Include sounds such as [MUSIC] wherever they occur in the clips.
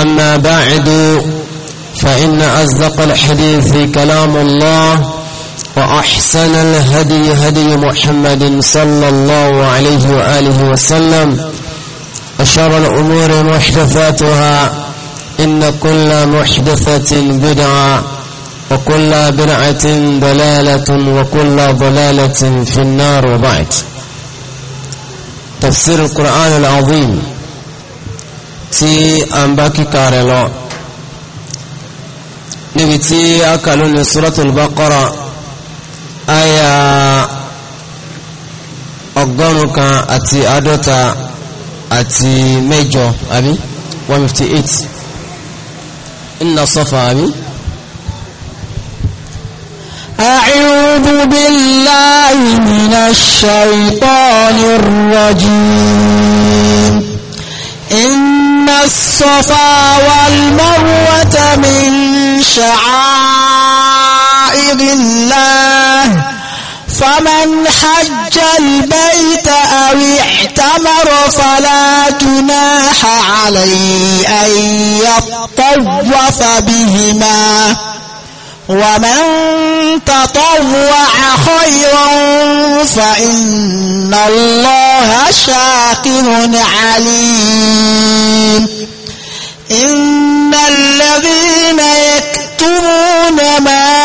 أما بعد فإن أصدق الحديث كلام الله وأحسن الهدي هدي محمد صلى الله عليه وآله وسلم أشار الأمور محدثاتها إن كل محدثة بدعة وكل بدعة ضلالة وكل ضلالة في النار وبعد تفسير القرآن العظيم tí a ń bá kíkà rẹ̀ lọ níbi tí a kà lónìí suratul Baqara àyà ọgọ́rùn kan àti àádọ́ta àti mẹ́jọ àbí one fifty eight inna safa àbí. أعوذ بالله من الشيطان الرجيم إن الصفا والمروة من شعائر الله فمن حج البيت أو اعتمر فلا جناح عليه أن يطوف بهما ومن تطوع خيرا فإن الله شاكر عليم إن الذين يكتمون ما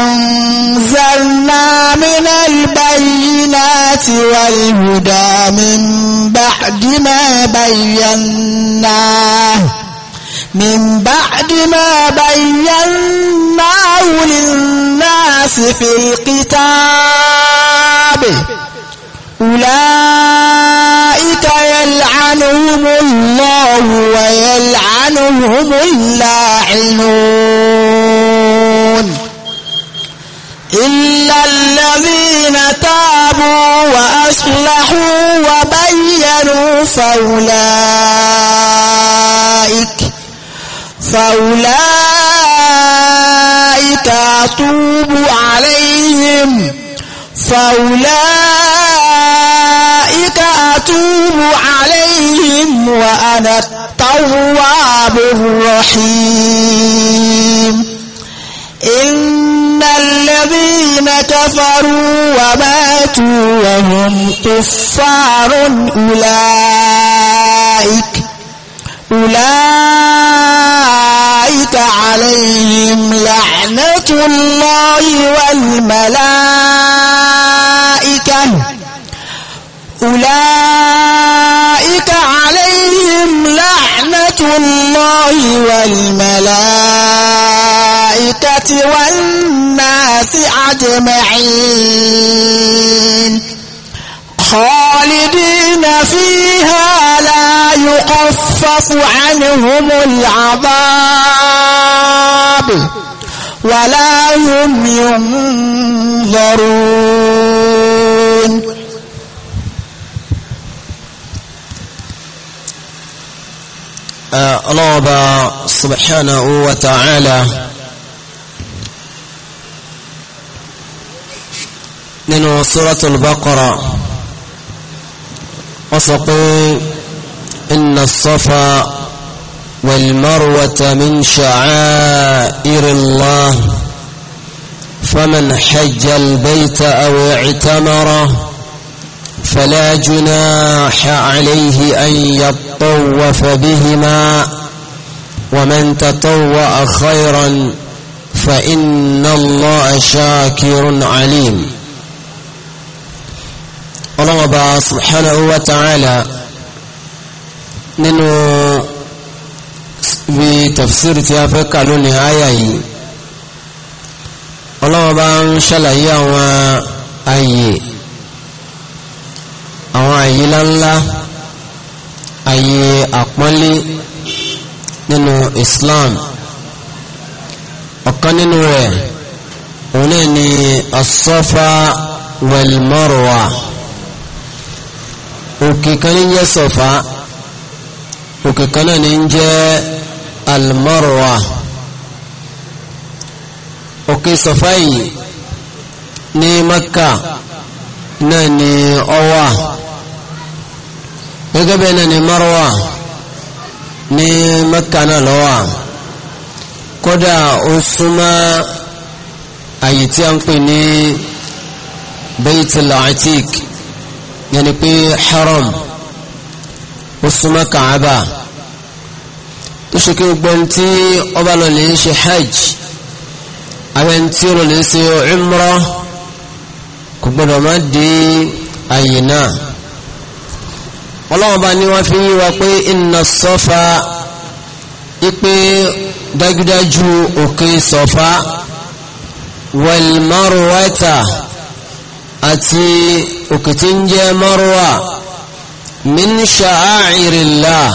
أنزلنا من البينات والهدى من بعد ما بيناه من بعد ما بيناه للناس في الكتاب أولئك يلعنهم الله ويلعنهم اللاعنون إلا الذين تابوا وأصلحوا وبينوا فأولئك فأولئك أتوب عليهم فأولئك أتوب عليهم وأنا التواب الرحيم إن الذين كفروا وماتوا وهم كفار أولئك أولئك أولئك عليهم لعنة الله والملائكة أولئك عليهم لعنة الله والملائكة والناس أجمعين خالدين فيها لا يخفف عنهم العذاب ولا هم ينظرون آه، الله سبحانه وتعالى من سورة البقرة وسقي إن الصفا والمروة من شعائر الله فمن حج البيت أو اعتمره فلا جناح عليه أن يطوف بهما ومن تطوأ خيرا فإن الله شاكر عليم الله سبحانه وتعالى من bí tafsiri tí a fẹ́ kà lónìí àyà yìí ọlọ́wọ́ bá ń ṣàlàyé àwọn àyè àwọn àyè ńláńlá àyè àpọ́nlé nínú Islam ọ̀kan nínú rẹ̀ òun náà ni as-Safa òkè kan ní jẹ́ Safa òkè kan náà ní jẹ́ almarwa òkè sọfáì ní maka náà ni ọwà gẹ́gẹ́ bẹ́ẹ̀ náà ni marwa ní maka náà lọ́wà kódà ó súnmọ́ àyè tí a ń pè ní baitul atik yẹni pé haram ó súnmọ́ kàábà tó ṣe kí gbogbo ẹni tí ọba lọ lè ṣe hajj àwọn ẹni tí ó lè ṣe umra kò gbọdọ̀ má dé àyè náà ọlọ́wọ́n bá ní fi yí wa pé inna sọ́fà ipe dájúdájú òkè sọ́fà wal marwata àti òkè tí ń jẹ́ marwa min sha'airillah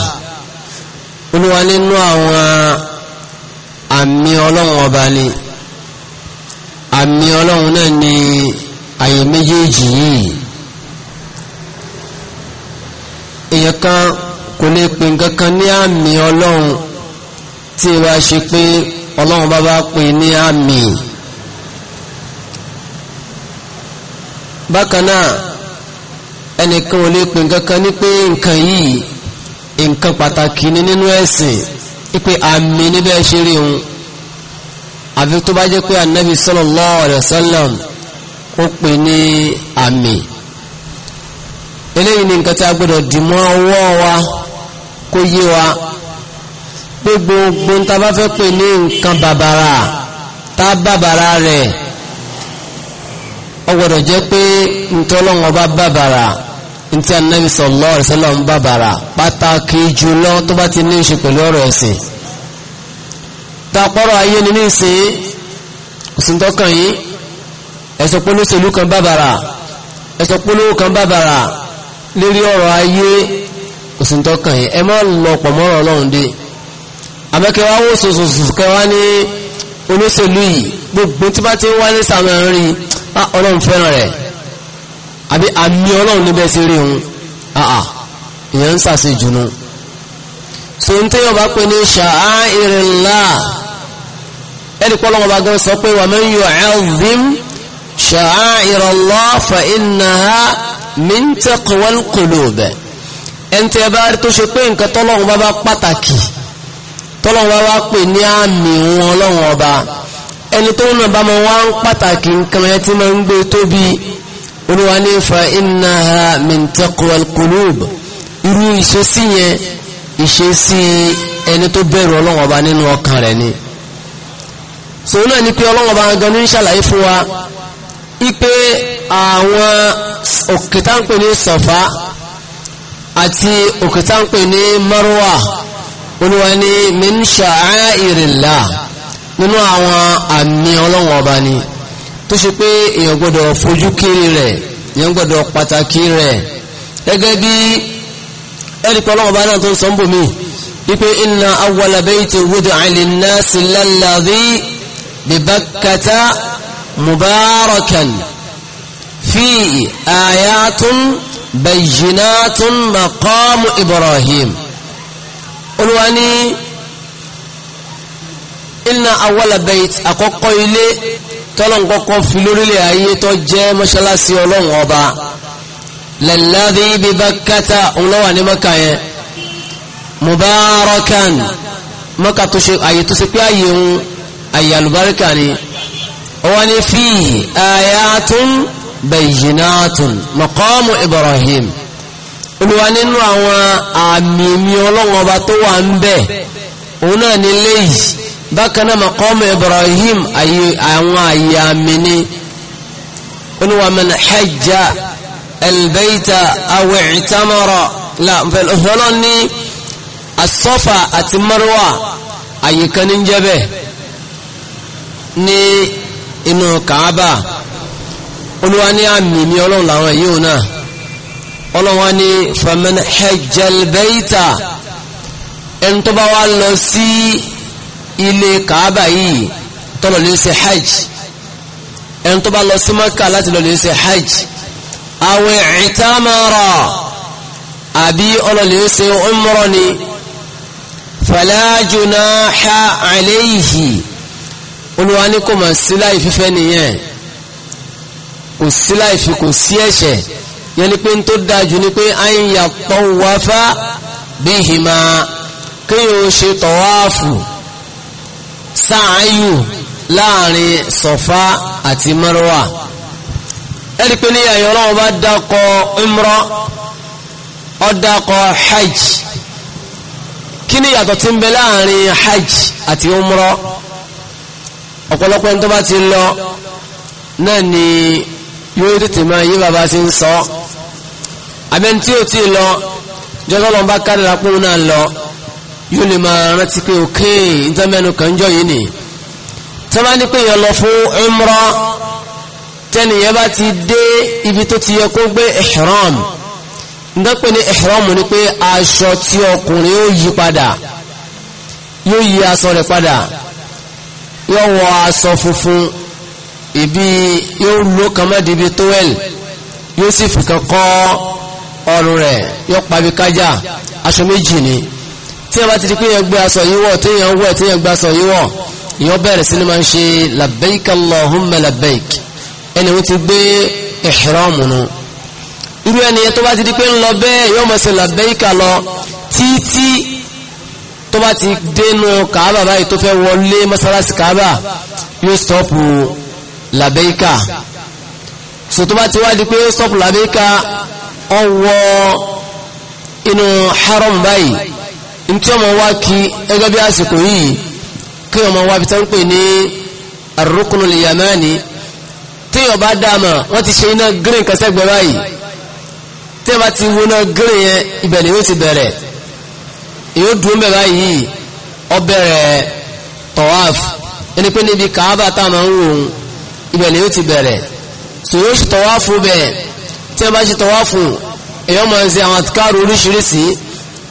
olúwa nínú àwọn àmì ọlọ́run ọba ni àmì ọlọ́run náà ni àyè méjèèjì yìí èèyàn kan kò lè pè nǹkan kan ní àmì ọlọ́run tí ìwà ṣe pé ọlọ́run bá bá pè ní àmì bákan náà ẹnìkan ò lè pè nǹkan ní pé nǹkan yìí nǹkan pàtàkì ni nínú ẹ̀sìn ipe àmì níbẹ̀ ṣe rí òun àfi tó bá jẹ́ pé anabi sallallahu alaihi wasallam ó pè ní àmì eléyìí ni nǹkan tí a gbọ́dọ̀ ọwọ́ wa kó yé wa pé gbogbo ta bá fẹ́ pè ní nǹkan bàbàrà tá bàbàrà rẹ̀ jẹ́ ntí anabi sallallahu alaihi wasallam bàbàrà pàtàkì jùlọ tó bá ti ní í ṣe pẹ̀lú ọ̀rọ̀ ẹ̀sìn tapọ́rọ̀ ayé ni nísìn òsìntọ́kàn yìí ẹ̀sọ́ polóṣèlú kan bàbàrà ẹ̀sọ́ polówó kan bàbàrà lérí ọ̀rọ̀ ayé òsìntọ́kàn yìí ẹ má lọ pọ̀ mọ́rọ̀ ọlọ́run dé àmẹ́kẹ́wá wò sòsòsò kẹwàá ní olóṣèlú yìí gbogbo tí bá ti wá ní sàmẹ́rin ah, ọlọ́run fẹ́ràn rẹ̀ àbí àmì ọlọ́run níbẹ̀ sí rí hun àà ìyẹn ń sàṣe jùnú so n tí yọba pè ní sha'a'irillah ẹni pọ́ lọ́wọ́ bá gan sọ pé wa man yu'azzim sha'a'irallah fa innaha min taqwal qulub ẹni tí ẹ bá rí tó ṣe pé nǹkan tọ́lọ́run bá bá pàtàkì tọ́lọ́run bá pè ní àmì wọn ọba ẹni tó ń nà bá mọ wá ń pàtàkì nǹkan ẹ ti máa ń gbé tóbi olúwa ní fa innaha min taqwal qulub irú ìṣesí yẹn ìṣesí ẹni tó bẹ̀rù ọlọ́run ọba nínú ọkàn rẹ̀ ni sòwò náà ni pé ọlọ́run ọba gan ní ṣàlàyé fún wa ipe àwọn òkè tá ń pè ní sọ̀fà àti òkè ń pè ní marwa olúwa ní min nínú àwọn àmì ọlọ́run ni tó ṣe pé èèyàn gbọ́dọ̀ fojú kiri rẹ̀ èèyàn gbọ́dọ̀ pàtàkì rẹ̀ gẹ́gẹ́ bí ẹni pé ọlọ́wọ́ bá náà tó ń sọ ń bò mí wípé inna awwala bayti wudi'a linnasi lalladhi bibakkata mubarakan fihi ayatun bayyinatun maqamu ibrahim olúwa ní inna àkọ́kọ́ ilé tọ́lọ́n kọ́kọ́ fi lórílẹ̀ ayé tó jẹ́ mọ́ṣáláṣí ọlọ́run ọba lẹ́lẹ́dí bí Bakkata ńlọ́wà ní mọ́kà yẹn mubarakan mọ́kà tó ṣe àyè tó ṣe pé àyè ń àyè àlùbáríkà ni wọ́n ní fi ayatun bayyinatun maqamu Ibrahim olùwà nínú àwọn àmì mi ọlọ́run ọba tó wà ń bẹ̀ òun náà ní léyìí bákan náà maqam Ibrahim àwọn àyè àmì ni oníwà man hajja al-bayta aw i'tamara la ọ̀fẹ́lọ́ ní asọ́fà àti Marwa àyè kan ní jẹ́bẹ̀ ní inú Kaaba olúwa ní àmì ọlọ́run làwọn yíò náà ọlọ́wọ́ ní faman hajja al-bayta ẹni tó bá lọ sí ilé kàábà yìí tọ́lọ̀ lè ṣe hajj ẹni tó bá lọ sí maka láti lọ lè ṣe hajj àwọn ìtàmàrà àbí ọlọ́lẹ̀ ṣe umrọ ni fala junaha alayhi olúwa ní kò mà sí láì fífẹ́ nìyẹn kò sí láì fi kò sí ẹ̀ṣẹ̀ yẹn ni pé ń tó dájú ni pé an yatawafa bihima kéèyàn ṣe tọ̀wáàfù sáàyù láàrin sọ̀fá àti marwa ẹ̀rí pé ní ẹ̀yọ́ náà bá dákọ̀ umra ó dákọ̀ hajj kí ni yàtọ̀ tí ń bẹ láàrin hajj àti umra ọ̀pọ̀lọpọ̀ ẹni tó bá ti lọ náà ni yóò tètè máa yí bàbá ti ń sọ abẹ́ni ò tí lọ jọ́lọ́lọ́ bá kárìlá pòun náà lọ yóò lè máa rántí pé òkè ìtọ́mẹ́nu kan jọ yìí nì tí ní pé yẹn lọ fún umra tẹ́nìyẹn bá ti dé ibi tó ti yẹ kó gbé ihram ndọ́pẹ́ ní ihram ni pé aṣọ tí ọkùnrin yóò yí padà yóò yí aṣọ rẹ̀ padà yóò wọ aṣọ funfun ibi yóò ló kan mọ́ di ibi towel yóò sì fi kan kọ́ ọrùn rẹ̀ yóò pa ibi kájà aṣọ méjì ni tí a bá ti di pé yẹn gbé aṣọ yìí wọ̀ tí yẹn wọ̀ tí yẹn gbé aṣọ yìí wọ̀ yọ bẹ̀rẹ̀ sí ni máa ń ṣe labbaik allahumma labbaik ẹni wọ́n ti gbé ihram nù irú ẹni yẹn tó bá ti di pé ń lọ bẹ́ẹ̀ yọ mọ̀ sí labbaik lọ títí tó bá ti dénú kàábà báyìí tó fẹ́ wọlé mọ́sálásí kàábà yóò stọ́pù labbaika so tó bá ti wá di pé yóò stọ́pù labbaika ọwọ́ inú haram báyìí ntí ọmọ wa kí ẹgbẹ́ bí àsìkò yìí kí ọmọ wa bí táwọn pè ní arúkúnú lìyàmáàní téèyàn bá dáàmà wọ́n ti ṣe iná green kẹsẹ́gbẹ́ báyìí téèyàn bá ti wo iná green yẹn ibẹ̀ ni yóò ti bẹ̀rẹ̀ yóò dùn bẹ̀ báyìí ó bẹ̀rẹ̀ tọ́wáf ẹni pé níbi kàábà táwọn ń wò ibẹ̀ ni yóò ti bẹ̀rẹ̀ sọ yóò ṣe tọ́wáfù bẹ̀ téèyàn bá ṣe tọ́wáfù èèyàn máa ń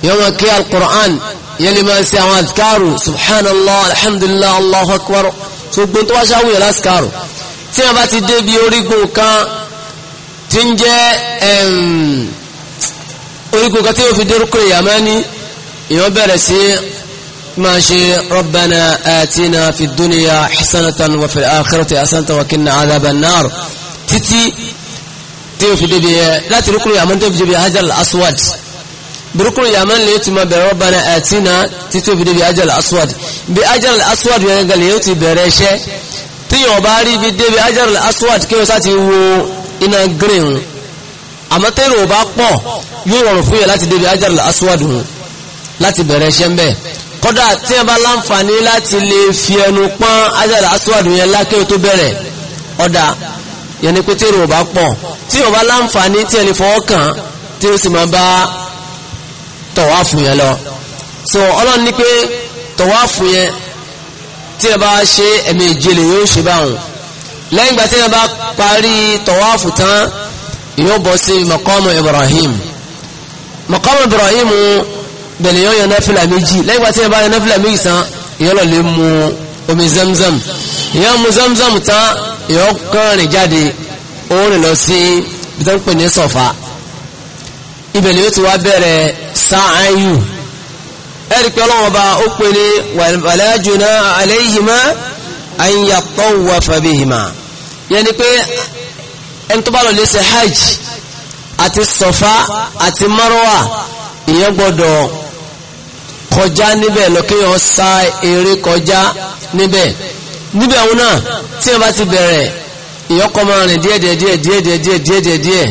يوم كي القرآن يلي ما يسيح أذكاره سبحان الله الحمد لله الله أكبر سبحان الله شاوه يلا أذكاره تين باتي دي بيوري قوكا تين ام اوري قوكا تين في دي ركو ياماني يوم برسي ماشي ربنا آتنا في الدنيا حسنة وفي الآخرة حسنة وكنا عذاب النار تتي تين في دي بيه لا تركو يامان تين في دي بيه هذا الأسود burúkúrú yàmán lè ti máa bẹ̀rẹ̀ rabbana atina títí òfin débi ajal aswad bí ajal aswad yẹn gan lè yóò ti bẹ̀rẹ̀ iṣẹ́ tíyàn bá rí ibi débi ajal aswad kí wọ́n sá ti wo iná green àmọ́ tẹ́lẹ̀ ò bá pọ̀ yóò rọrùn fún yẹn láti débi ajal aswad hùn lati bẹ̀rẹ̀ iṣẹ́ ń bẹ̀ kódà tí wọ́n bá láǹfààní láti lè fi ẹnu pọ́n ajal aswad yẹn lákẹ́ tó bẹ̀rẹ̀ ọ̀dà yẹn ni pé tẹ́lẹ̀ ò bá pọ̀ tí wọ́n bá láǹfààní tí ẹni fọwọ́ kàn tí ó sì máa bá tọ̀wáfù yẹn lọ so ọlọ́run ní pé tọ̀wáfù yẹn tí ẹ bá ṣe ẹ̀mí ìjìnlẹ̀ yóò ṣe báwọn lẹ́yìn ìgbà tí ẹ bá parí tọ̀wáfù tán yóò bọ́ sí mọ̀kọ́mù Ibrahim mọ̀kọ́mù Ibrahim bẹ̀lẹ̀ yóò yan náfìlà méjì lẹ́yìn ìgbà tí ẹ bá yan náfìlà méjì tán yóò lọ lè mu omi zamzam ìyá mu zamzam tán ìyọ́ kan rìn jáde ó rìn lọ sí ibi pè ní sọ̀fà ibẹ̀ ni ó ti wá bẹ̀rẹ̀ sa'ayu ẹ̀rí pé ọlọ́wọ́ bá ó pè ní wala junaha alayhima an yatawafa bihima yẹni pé ẹni tó bá lọ lè ṣe hajj àti sọfá àti marwa ìyẹn gbọ́dọ̀ kọjá níbẹ̀ lọ́kẹ́yàn sá eré kọjá níbẹ̀ níbẹ̀ òun náà tí wọ́n bá ti bẹ̀rẹ̀ ìyọkọ̀ máa rìn díẹ̀díẹ̀díẹ̀díẹ̀díẹ̀díẹ̀díẹ̀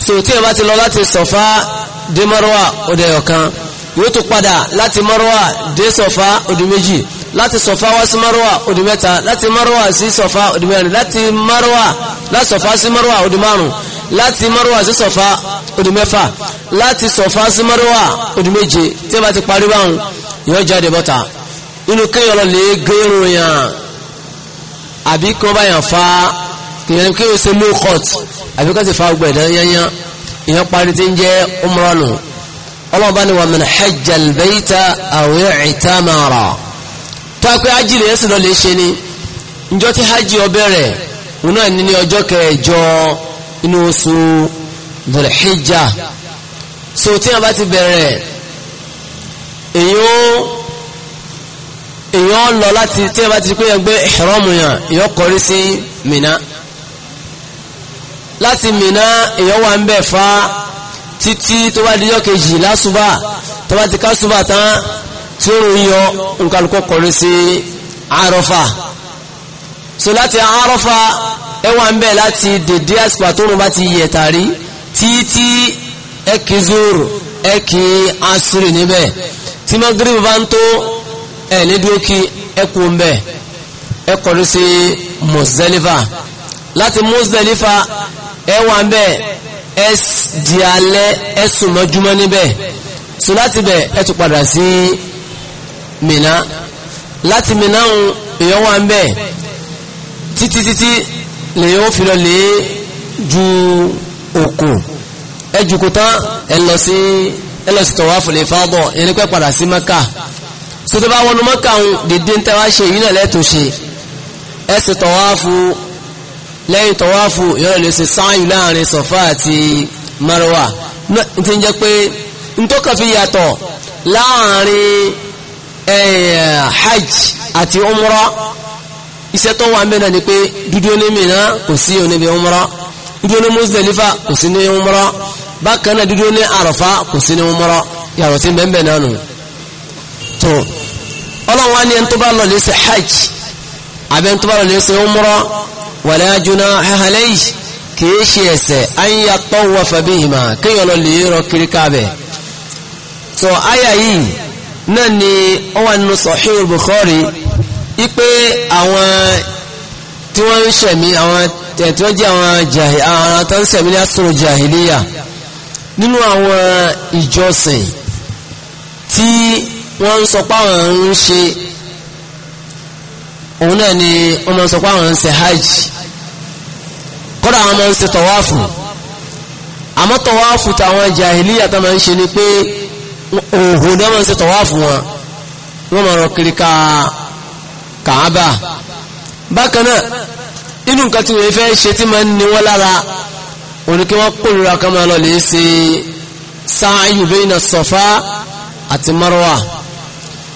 so tí ẹ bá ti lọ láti sọ̀fà dé mọ́rọ́wà ọdẹ ọ̀kan yóò tún padà láti mọ́rọ́wà dé sọ̀fà ọdún méjì láti sọ̀fà wá sí mọ́rọ́wà ọdún mẹ́ta láti mọ́rọ́wà sí sọ̀fà ọdún mẹ́rin láti mọ́rọ́wà láti sọ̀fà sí mọ́rọ́wà ọdún márùn láti mọ́rọ́wà sí sọ̀fà ọdún mẹ́fà láti sọ̀fà sí mọ́rọ́wà ọdún méje tí ẹ bá ti parí báwọn yóò jáde bọ́ta inú kéèyàn lọ lè gé irun àbí kí wọ́n bá yàn fa ìyẹn kí o ṣe low court àbí ká sì fa ọgbà ìdán yányán ìyẹn parí tí ń jẹ́ umranu ọlọ́ọ̀bá ni wà mìíràn hajjal bayta aw i'tamara tó a pé hajj lè yẹn sì lọ lè ṣe ni njọ́ tí hajj ó bẹ̀rẹ̀ òun náà ní ọjọ́ kẹjọ inú oṣù Dhul-Hijja so tí a bá ti bẹ̀rẹ̀ èyí èèyàn lọ láti tí ẹ bá ti pé ẹgbẹ́ ìhẹ́rọ́mù yàn èèyàn sí Mina láti Mínà èyàn wà ń bẹ̀ fa títí tó bá díjọ́ kejì lásùbà tó bá ti kásùbà tán tí ó ròyìn yọ nkàlùkọ́ kọrin sí Àrọ́fà so láti Àrọ́fà ẹ wà ń bẹ̀ láti dèdé àsìkò àtòrùn bá ti yẹ̀ tàrí títí ẹ zoro ẹ asiri níbẹ̀ tí magrebi bá ń tó ẹ ní kí ẹ kú ń bẹ̀ ẹ kọrin sí Muzdalifa láti Muzdalifa ẹ wà ń bẹ́ẹ̀ ẹ di alẹ́ ẹ sùn mọ́júmọ́ níbẹ̀ so láti bẹ̀ ẹ tún padà sí Mina láti Mina ń èèyàn wà ń bẹ́ẹ̀ títí títí lèyàn ó fi lọ lè ju òkò ẹ jùkú tán ẹ lọ sí ẹ lọ sí tọ̀wáfù lè fáwọ́ ẹni pẹ́ padà sí Mẹ́kà so wọnú Mẹ́kà ń dédé ń tẹ́wá ṣe yìí náà lẹ́tọ̀ọ́ ṣe ẹ sì tọ̀wáfù lẹ́yìn tọwáfù yọ́rọ̀ lè ṣe sáàyù láàrin sọ̀fà àti marwa tí ń jẹ́ pé n tó kàn fi yàtọ̀ láàrin hajj àti umra iṣẹ́ tó wà mẹ́rin ni pé dúdú ní Mínà kò sí oníbi umra dúdú ní Muzdalifa kò sí ní umra bákan náà dúdú ní Àràfá kò sí ní umra yàrá tí bẹ́ẹ̀ bẹ́ẹ̀ náà nù tó ọlọ́run wá ní ẹni tó bá lọ lè ṣe hajj àbẹ́ ẹni tó bá lọ lè ṣe umra wala junaha alayhi kìí ṣe ẹ̀ṣẹ̀ an yatawafa bihima kéèyàn lọ lè rọ kiri káàbẹ̀ tó àyà yìí náà ni ó wà nínú Sahih Bukhari ipe àwọn tí wọ́n ń ṣẹ̀mí àwọn tí wọ́n jẹ́ àwọn jahil àwọn tó ń ṣẹ̀mí ní asòrò nínú àwọn ìjọsìn tí wọ́n ń sọ páwọn ń ṣe òun náà ni wọ́n máa sọ páwọn ń ṣe hajj kọ́dà àwọn máa ń ṣe tọ̀wáàfù àmọ́ tọ̀wáàfù táwọn jàhìlíyà tó máa ń ṣe ni pé òhò náà máa ń ṣe tọ̀wáàfù wọn wọ́n máa rọ kiri ka kàábà bákan náà inú nǹkan tí wọ́n fẹ́ ṣe tí máa ń ni lára òní wọ́n kórìíra kan máa lọ lè ṣe sáàyù bayna Safa àti Marwa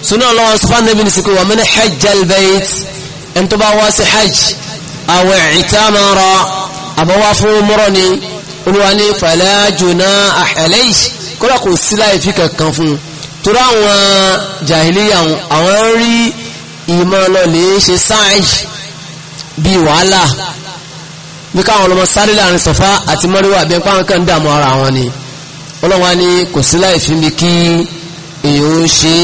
sunu ọlọ́wọ́ sọfá nàbí ní sikú wa man hajjal bayt ẹni tó bá wá sí hajj aw i'tamara àbọ̀wá fún mọ́rọ́ ni olúwa ní fala junaha alayhi kódà kò sí láì fi kankan fún un torí àwọn jàhìlíyà àwọn rí ìmọ̀ lọ lè ṣe sáàyì bí wàhálà bí káwọn ọlọmọ sáré láàrin sọfá àti mọ́ríwá bí ẹnpá kan dààmú ara wọn ni ọlọ́wọ́n ni kò sí láì fi mi kí èyí ó ṣe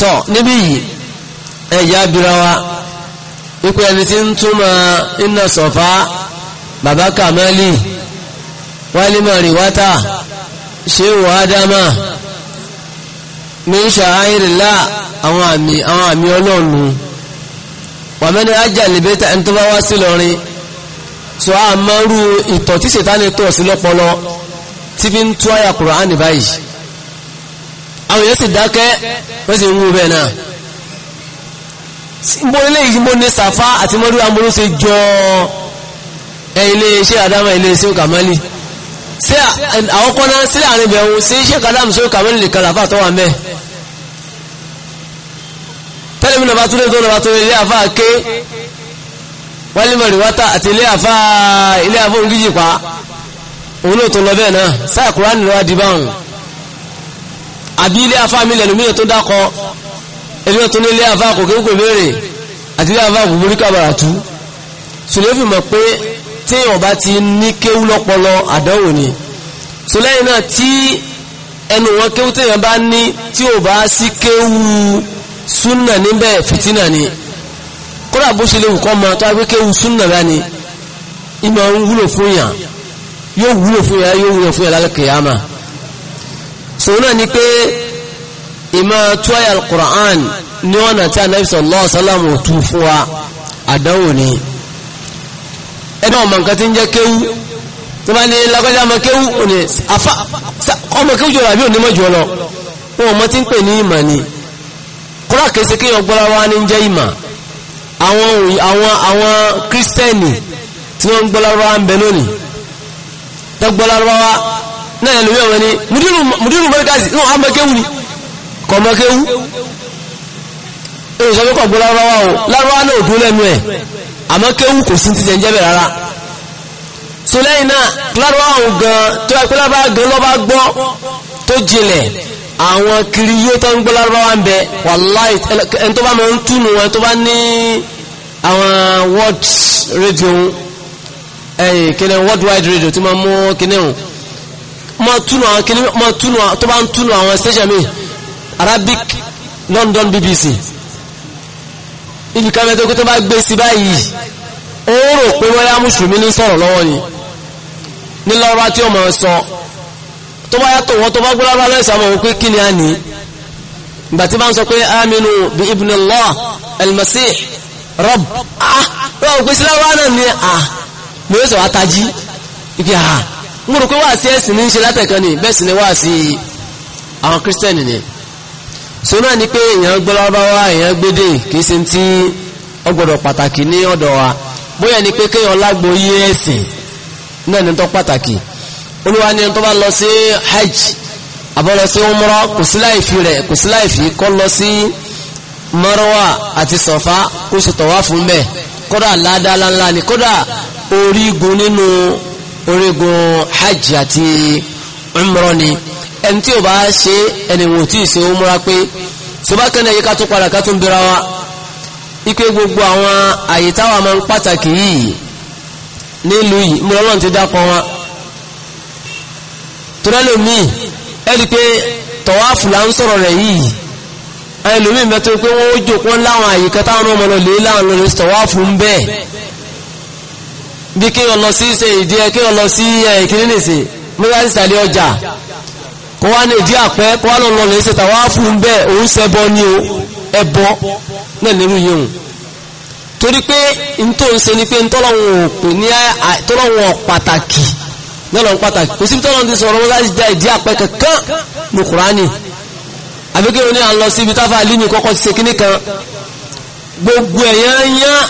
tọ̀ níbí yìí ẹ̀yà abirawa ipò ẹni tí ń túmọ̀ iná sọfá bàbá kàmálì wálímọ̀ rìwátà ṣéwù Adama, míṣà àìrìlá àwọn àmì àwọn àmì ọlọ́ọ̀nù wà mẹ́ni ajá lèbẹ́ta ẹni tó bá wá sí lọrin so a mọ́rú ìtọ̀ tí ṣètánì tọ̀ sí lọ́pọlọ tí fi ń tú àyà Kùránì báyìí àwọn èèyàn sì dákẹ́ wọ́n sì ń wú bẹ́ẹ̀ náà mbọ́lélẹ́yìí mbọ́ ní sàfá àti mọ́rú amúrú ṣe jọ ẹ ilé Sheikh Adamu ilé Sheikh Kamali sí àwọn kọ́nà sílẹ̀ àárín ibẹ̀ sí Sheikh Adamu Sheikh Kamali lè kalàfà tó wà mẹ́ tẹ́lẹ̀mí lọ́ba tó lé tó lọ́ba tó ilé àfà ké wálé mọ̀rí wátà àti ilé àfà ilé àfà oríjì pa òun ló tó lọ bẹ́ẹ̀ náà sáà Kùránì lọ́wọ́ di báwọn àbí ilé àfà mi lẹ́nu mílẹ̀ tó dákọ ẹni tó ní ilé àfà kò kéwòkò béèrè àti ilé àfà kò borí kàbàrà tú sùlẹ́fì mọ̀ pé tí ọba ti ní kéwú lọ́pọlọ àdánwò ni so lẹ́yìn náà tí ẹnu wọn kéwú téèyàn bá ní tí ò bá sí kéwú súnà níbẹ̀ fìtínà ni kódà bó ṣe lè wù kọ́ mọ tó wípé kéwú súnà bá ni ìmọ̀ ń wúlò fún yàn yóò wúlò fún yàn yóò wúlò fún yàn lálẹ́ kìyàmà so náà ni pé ìmọ̀ tuwaya al-Qur'an ní ọ̀nà tí a nàbì sallallahu alaihi wasallam tú fún wa àdánwò ni ẹni ọmọ nǹkan tí ń jẹ́ kéwú tó bá ní lágbájá ọmọ kéwú òní afá ọmọ kéwú jọlọ àbí òní mọ̀jọ lọ wọn ọmọ tí ń pè ní ìmọ̀ ni kúrò àkèsí kí ọgbọ́ra wa ní jẹ́ ìmọ̀ àwọn àwọn àwọn kírísítẹ́nì tí wọ́n ń gbọ́lára wa ń bẹ lónìí tó gbọ́lára wa náà yẹn lórí ọ̀rọ̀ ni mùdírù mọ́ríkàsì náà ọmọ kéwú ni kọ̀ ọmọ kéwú èyí sọ pé kọ̀ gbọ́lára wa o lárúbáwá náà ò àmọ́ kéwù kò sí ti jẹ́ jẹ́ bẹ̀rẹ̀ rárá so lẹ́yìn náà lárúbá àwọn gan tó ẹ pé lárúbá gan lọ́ba gbọ́ tó jinlẹ̀ àwọn kiri yóò tó ń gbọ́ lárúbá wa ń bẹ wàláì ẹni tó bá máa ń túnu ẹni tó bá ní àwọn world radio ẹ̀yìn kí ni world wide radio tó máa mú kí ni o máa túnu àwọn kí ni máa túnu tó bá ń túnu àwọn station mi Arabic London BBC ibi kan mẹ́tọ́ tó bá gbé sí báyìí ó rò pé wọ́n mùsùlùmí ní sọ̀rọ̀ lọ́wọ́ ni ní lọ́wọ́ tí ó máa sọ tó bá yàtọ̀ wọn tó bá gbé lọ́wọ́ lẹ́sà mọ̀ wípé kí ni a ní ìgbà tí bá ń sọ pé aminu bi ibn allah al-masih rab ah wọ́n wọ́n pé sí lọ́wọ́ náà ni ah mo yóò sọ àtàjí ibi ah mo rò pé wáàsí ẹ̀sìn ní ń ṣe látẹ̀kan ni bẹ́ẹ̀ sì ni wáàsí àwọn kírísítẹ́nì ni so náà ni pé èèyàn gbọ́lábáwá èèyàn gbédè kìí ṣe tí ó gbọ́dọ̀ pàtàkì ní ọ̀dọ̀ wa bóyá ni pé kéèyàn lágbo yé ẹ̀sìn náà ní tó pàtàkì olúwa ni tó bá lọ sí hajj àbọ̀lọ sí umra kò sí láìfi rẹ̀ kò sí láìfi kọ́ lọ sí marwa àti sọ̀fà kó sì tọ̀wá fún bẹ́ẹ̀ kódà ládàá ni kódà orígun nínú orígun hajj àti umra ni ẹni tí ò bá ṣe ẹni wò tí ì ṣe ó múra pé ṣùgbọ́n ẹ̀yẹ ká tún padà ká tún bira wa ipe gbogbo àwọn àyè táwa máa ń pàtàkì yìí nílùú yìí múra lọ́n ti dápọ̀ wọn tùrẹ́lòmíì ẹni pé tọ̀wáàfù là ń sọ̀rọ̀ rẹ̀ yìí ẹlòmíì mẹ́tọ́ pé wọ́n ó jòkó láwọn àyè kan táwọn ọmọ lọ lè láwọn lọ tọ̀wáàfù ń bẹ́ẹ̀ bí kí ọ lọ sí ṣe ìdí kó wá ní ìdí àpẹ́ kó wá lọ lọ lẹ́sẹ̀ tàwa fún bẹ́ẹ̀ òun ṣẹbọ ni o ẹbọ náà lérú yẹn torí pé n tó ń ṣe ni pé ntọ́lọ́wọ̀n òpè ní tọ́lọ́wọ̀n pàtàkì náà lọ́n pàtàkì kò sí tọ́lọ́wọ̀n ti sọ̀rọ̀ wọn láti já ìdí àpẹ́ kankan ní Kùránì àbíkẹ́ òní à ń lọ sí ibi táfà límì kọ́kọ́ ti ṣe kíní kan gbogbo ẹ̀yàn yán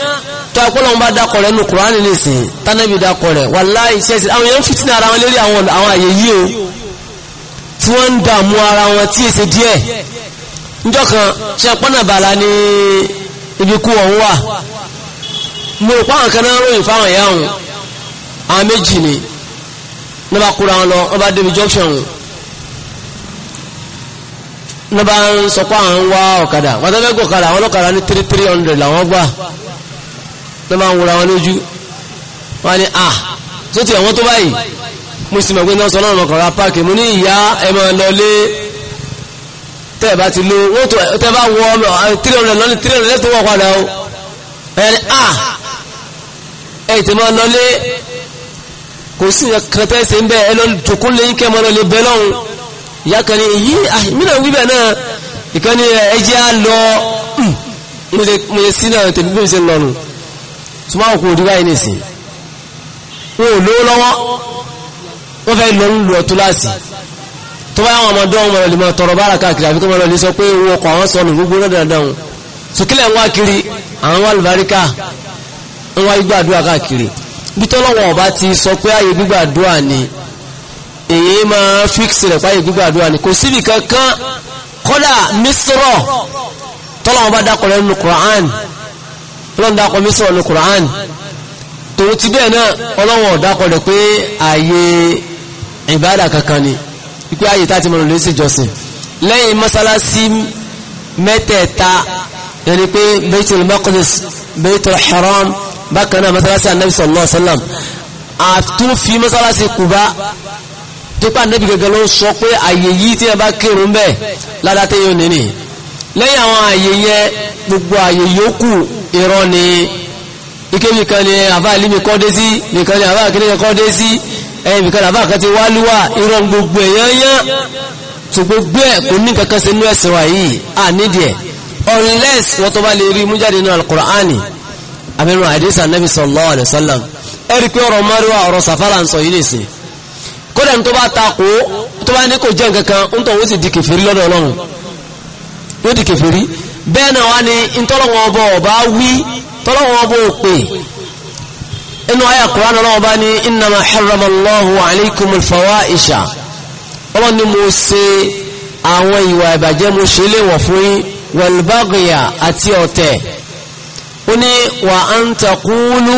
tó akọ́lọ́wọ́n bá dákọ̀ rẹ̀ ní Kùránì nìsín tánẹ́bì dákọ̀ rẹ̀ wàláhì iṣẹ́ sí àwọn èèyàn fìtínà ara wọn lérí àwọn àyè yìí o tí wọ́n ń dààmú ara wọn tí èsè díẹ̀ níjọ́ kan ṣe pọ́nà bàlá ní ibikú ọ̀hún wà mo rò páwọn kan náà ròyìn fáwọn ìyá òun àwọn méjì ni ní bá kúra wọn lọ wọn bá débi junction wọn ní ń sọ pé àwọn ń wá ọ̀kadà wọn tó gbọ́ ọ̀kadà àwọn ọlọ́kadà ní three three hundred làwọn gbà ní ń wura wọn lójú wọn ni ah tó ti àwọn tó báyìí mo sì mọ̀ pé náà sọ náà ọkọ̀ ra páàkì mo ní ìyá ẹ máa lọ lé tẹ́ ẹ bá ti lo wọ́n tó tẹ́ bá wọ ọmọ tírí ọ̀rẹ́ lọ́ní tírí ọ̀rẹ́ lẹ́tọ́ wọ̀ padà o ẹni a ẹ ti máa lọ lé kò sí ìyá kẹtẹ́ ṣe ń bẹ́ ẹ lọ jòkó lẹ́yìn kẹ́ máa lọ lé bẹ́ lọ́hùn ìyá kan ní èyí mìíràn wí bẹ́ẹ̀ náà ìkànnì ẹ á lọ hmm. mo lè sí náà tẹ̀lé bí mo ṣe lọ tó máa kó òdúrà yìí nìsín wọn ò lówó lọ́wọ́ wọ́n fẹ́ lọ ń lu ọ̀tún láàsì tó bá àwọn ọmọdé ọmọ rẹ̀ lè máa tọrọ bára káàkiri àfi kọ́mọ rẹ̀ lè sọ pé owó ọkọ̀ àwọn sọnù gbogbo náà dandan wọn sùkílẹ̀ ń wá kiri àwọn wà lùbáríkà ń wá gbàdúrà káàkiri bí tọ́lọ́wọ́ ọba ti sọ pé ààyè gbígbàdúrà ni èyí máa fíksì rẹ̀ fáyè gbígbàdúrà ni kò síbi kankan kọ́dà mísírọ̀ tọ́lọ́wọ́ bá dákọ̀ lẹ́nu Qur'an ìbádà kankan ni wípé ààyè tá ti mọ̀ lórí sí ìjọsìn lẹ́yìn mọ́sálásí mẹ́tẹ̀ẹ̀ta yẹni pé baitul maqdis baitul haram bákan náà mọ́sálásí anabi sallallahu alaihi wasallam àtúnfi mọ́sálásí kùbá dípà nẹ́bí gẹ́gẹ́ ló sọ pé àyè yìí tí ẹ bá kírun bẹ́ẹ̀ ládàtẹ́ yóò nìní lẹ́yìn àwọn àyè yẹn gbogbo àyè yòókù irọ́ ni ike nìkan ni àbá ìlú mi kọ́ dé sí nìkan ni àbá ìkíní mi kọ́ dé sí ẹ̀bìkan àbá kan ti wálúwà irọ́ gbogbo ẹ̀yányá tó gbogbo ẹ̀ kò ní kankan sí ẹ̀sìn wa yìí à nídìí ẹ̀ unless wọ́n tó bá lè rí mújáde inú alukur'ani àbẹ̀rù àdìsá sallallahu alayhi wa sallam ẹ̀rí pé ọ̀rọ̀ mọ́ríwá ọ̀rọ̀ sàfàlà ń sọ yìí nìsín kódà ní tó bá ta kó tó bá ní kò jẹ́ nǹkankan ń tọ̀ wọ́n sì di kẹfìrí lọ́dọ̀ inú ayà kùrán ọlọ́wọ́ bá ní innama harrama Allahu alaykum al-fawaisha ọlọ́ ni mo ṣe àwọn ìwà ìbàjẹ́ mo ṣe léwọ̀ fún yín wal-baghya àti ọ̀tẹ̀ ó ní wa an taqulu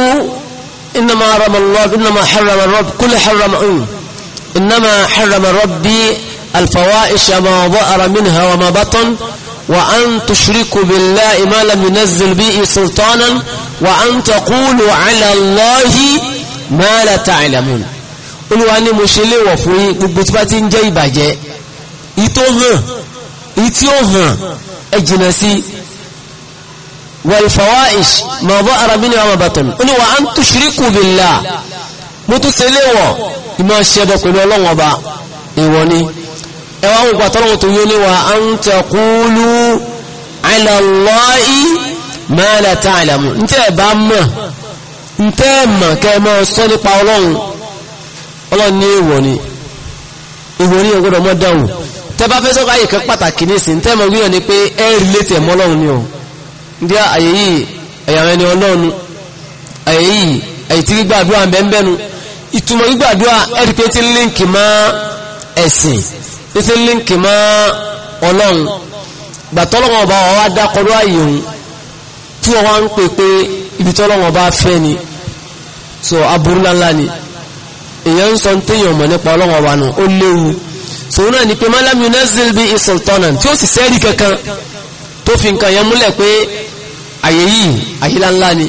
innama harrama Allahu innama harrama rabbi kullu harrama ọ̀hún innama harrama rabbi al-fawaisha ma dhahara minha wa ma batan وأن تشركوا بالله ما لم ينزل به سلطانا وأن تقولوا على الله ما لا تعلمون Olúwa ní mo ṣe léwọ̀ fún yín gbogbo tí bá ti ń jẹ́ ìbàjẹ́ ìtò hàn ìtí ó hàn ẹ jìnà sí wal-fawāḥish mā ẓahara minhā wā mā baṭan ó ní wa an tushrikū billāh mo tún ṣe léwọ̀ ìmọ̀ ṣẹbọ pẹ̀lú Ọlọ́hun Ọba ìwọ ni ẹwà ń gbà tọ́lọ́wọ́ tó yé ní wa an taqulu ala Allahi ma la ta'lamu ń tẹ́ ẹ̀ bá mọ̀ ń tẹ́ ẹ̀ mọ̀ kẹ́ ẹ nípa ọlọ́run ọlọ́run ní ni ni dáhùn tẹ́ bá fẹ́ sọ́kọ́ àyè kan pàtàkì nísìn tẹ́ mọ̀ pé ẹ rí létí ẹ̀mọ́ ọlọ́run ni àyè yìí ẹ̀yà ìsí líǹkì mọ́ ọlọ́run gbàtọ́lọ́wọ́n ọba ọwá dákọ̀ọ́lọ́ ààyè òun tí wọ́n wá ń pè pé ibi tọ́lọ́wọ́n ọba fẹ́ ni so aburúláńlá ni èèyàn ń sọ téèyàn mọ̀ nípa ọlọ́wọ́n ọba nù ó léwu so náà ni pé mọ́lámi nẹ́sìl bí ìsọ̀tọ́nà tí ó sì sẹ́rí kankan tó fi nǹkan yẹn múlẹ̀ pé àyè yìí àyè láńlá ni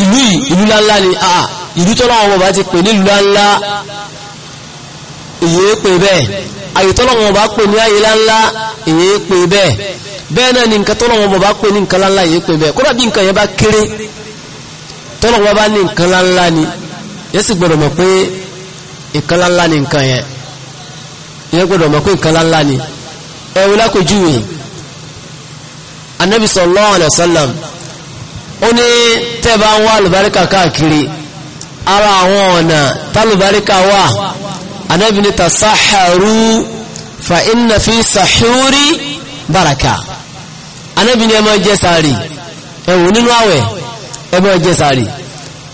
ìlú yìí ìlú láńlá ni àà ah, ìlú tọ́lọ́wọ́n ọba ti pè nílùú láńlá èyí pè bẹ́ẹ̀ àyè tọ́lọ́wọ́n bá pè ní àyè láńlá èyí pè bẹ́ẹ̀ bẹ́ẹ̀ náà ni nǹkan tọ́lọ́wọ́n bá pè ní nǹkan láńlá èyí pè bẹ́ẹ̀ kódà bí nǹkan yẹn bá kéré tọ́lọ́wọ́n bá ní nǹkan láńlá ni yẹn sì gbọ́dọ̀ mọ̀ pé nǹkan láńlá ni nǹkan yẹn yẹn gbọ́dọ̀ mọ̀ pé nǹkan láńlá ni ẹ wọlé àkójúwe anabi sallallahu alayhi wa ó ní tẹ́ bá ń wá àlùbáríkà káàkiri ara àwọn ọ̀nà tálùbáríkà wà anabi ni tasaharu fa inna fi sahuri baraka anabi ni ẹ máa jẹ sààrì ẹ̀wọ̀n nínú àwẹ̀ ẹ máa jẹ sààrì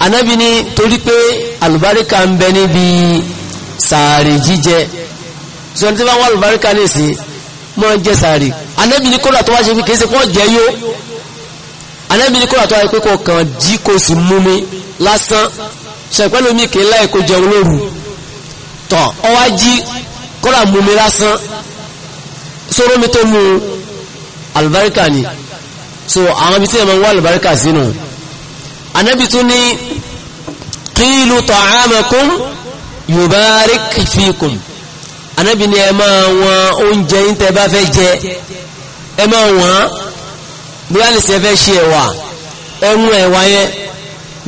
anabi ni torí pé alùbáríkà ń bẹ níbi sààrì jíjẹ sọ ní tí wọ́n wá alùbáríkà ní ìsìn máa jẹ sààrì anabi ni kódà tó wá ṣe fi kìí ṣe kó jẹ yó anabi ni kódà tó wá ṣe pé kò kàn jí kò sì mú mi lásán ṣe pẹ́lú mi kìí láì kó jẹun lóru tọ̀ ọwá jí kọ́lá mú mi lásán sóró mi tó mú alùbáríkà ni so àwọn ibi tí ẹ̀ máa ń wá alùbáríkà sínú anábì tún ní kílù ta'amakum yubarik fikum anábì ni ẹ máa wọn oúnjẹ yín tẹ́ bá fẹ́ jẹ ẹ máa wọn bí wọ́n lè ṣe fẹ́ ṣe ẹ̀wà ẹ̀mú ẹ̀wà yẹn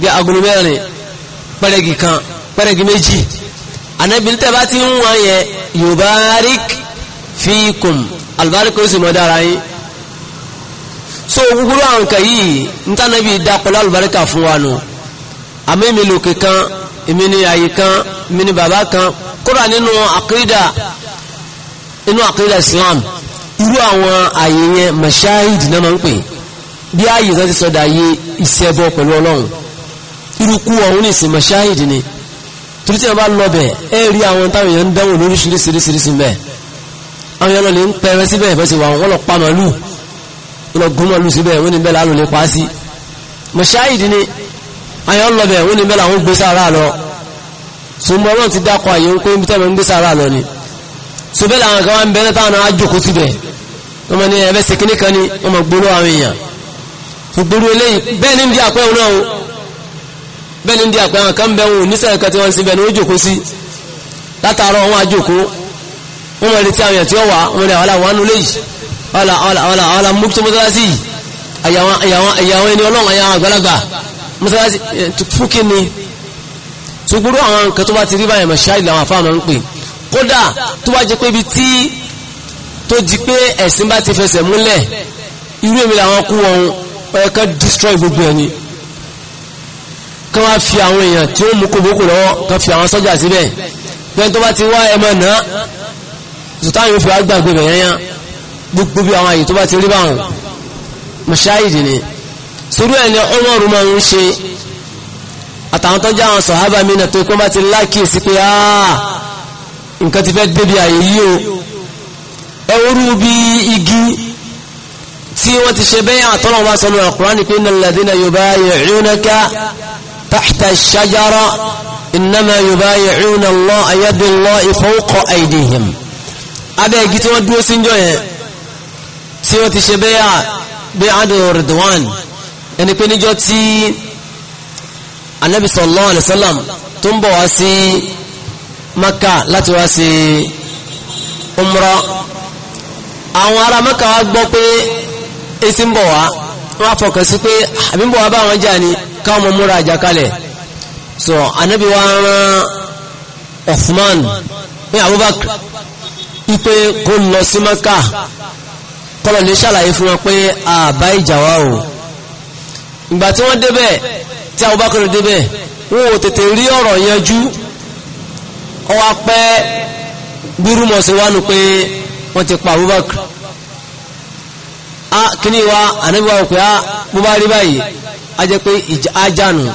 bí agolo mẹ́rin pẹ́rẹ́gì kan pẹ́rẹ́gì méjì anabi tẹ́ bá ti ń wọ́n yẹn yubarik fikum albarika ó sì mọ́ dára yín so gbogbo àwọn nǹkan yìí ń tànàbí dákọ̀lá albarika fún wa nù àmì mi lòkè kan èmi ni àyè kan èmi ni bàbá kan kódà nínú àkídà inú àkídà islam irú àwọn àyè yẹn mashahid náà máa ń pè bí ààyè náà ti sọdọ̀ àyè ìṣẹ́bọ pẹ̀lú ọlọ́run irú kú ọ̀hún ní ìsìn mashahid ni. Mashahid, torí tí wọ́n bá lọ bẹ̀ ẹ rí àwọn táwọn èèyàn ń dánwò lóríṣiríṣiríṣi mẹ́ àwọn èèyàn lè ń pẹrẹ síbẹ̀ ìfẹ́ sí wa wọ́n lọ pa màálù wọ́n lọ gún màálù síbẹ̀ wọ́n ní bẹ́ẹ̀ lálù lè pa sí mọ̀ṣáìdì ni àyàn lọ bẹ̀ wọ́n ní bẹ́ẹ̀ làwọn gbé sára lọ sọmọ ọlọ́run ti dákọ̀ àyè ń pé ń tẹ́lẹ̀ ń gbé sára lọ ni so bẹ́ẹ̀ làwọn kan wá ń bẹ́ẹ̀ táwọn ajókòó síbẹ̀ wọ́n mọ̀ ní ẹ̀fẹ́ sekiníkan ni wọ́n mọ̀ gbóló àwọn èèyàn bẹ́ẹ̀ ni ń di àpẹ àwọn kan bẹ́ẹ̀ wọn ò níṣẹ́ ẹ̀ka tí wọ́n ń sin bẹ́ẹ̀ ni ó jókòó sí látàárọ̀ wọn àjókòó wọn mọ̀ retí àwọn èèyàn tí ó ni àwọn làwọn anú léyìí àwọn làwọn mú tó mọ́tàlásì àyàwọn ẹni ọlọ́run àyàwọn àgbàlagbà mọ́tàlásì fún ni ṣùgbọ́n àwọn nǹkan tó bá ti rí báyìí mọ̀ṣáì làwọn afáàmọ́ ń pè kódà tó bá jẹ́ pé ibi tí tó di kán wá fi àwọn èèyàn tí ó mú kòbókò lọ́wọ́ kán fi àwọn sọ́jà síbẹ̀ bẹ́ẹ̀ tó bá ti wá ẹmọ náà sùtá yóò fi agbàgbé bẹ̀rẹ̀ yẹn gbogbo bí àwọn àyè tó bá ti rí báwọn mọ̀ṣáìdì ni sórí ẹ̀ ọmọ ọ̀rùn ń ṣe àtàwọn tó ń jẹ́ àwọn sọ̀hábà nà tó kó bá ti lákìsí pé nǹkan ti fẹ́ débi àyè yìí o ẹwúrú bí igi tí wọ́n ti ṣe bẹ́ẹ̀ àtọ́nà wa sọ lọ́rọ̀ Kùránì pé innal ladhina yubayi'unaka تحت الشجرة إنما يبايعون الله يد الله فوق أيديهم أبي جيتوا ودو سنجوه سيوة شبيع بعد رضوان يعني كني جوتي النبي صلى الله عليه وسلم تنبو واسي مكة لا تواسي عمره àwọn ará mẹ́ka wá gbọ́ pé èsì wọ́n fọkàn sí pé àbíbọ̀ wa bá wọn jà ní káwọn múra àjàkálẹ̀ so anabi wa rán Uthman ní Abubakar ipe kó lọ sí Maka kọlọ̀ lè ṣàlàyé fún wọn pé àbá ìjà wa o ìgbà tí wọ́n débẹ̀ tí Abubakar débẹ̀ wọn ò tètè rí ọ̀rọ̀ yanjú ọwọ́ apẹ́ gbúrúmọ̀ sí wánu pé wọ́n ti pa Abubakar a kíní wa ànábì wa òkè a bó bá rí báyìí a jẹ́ pé ajánu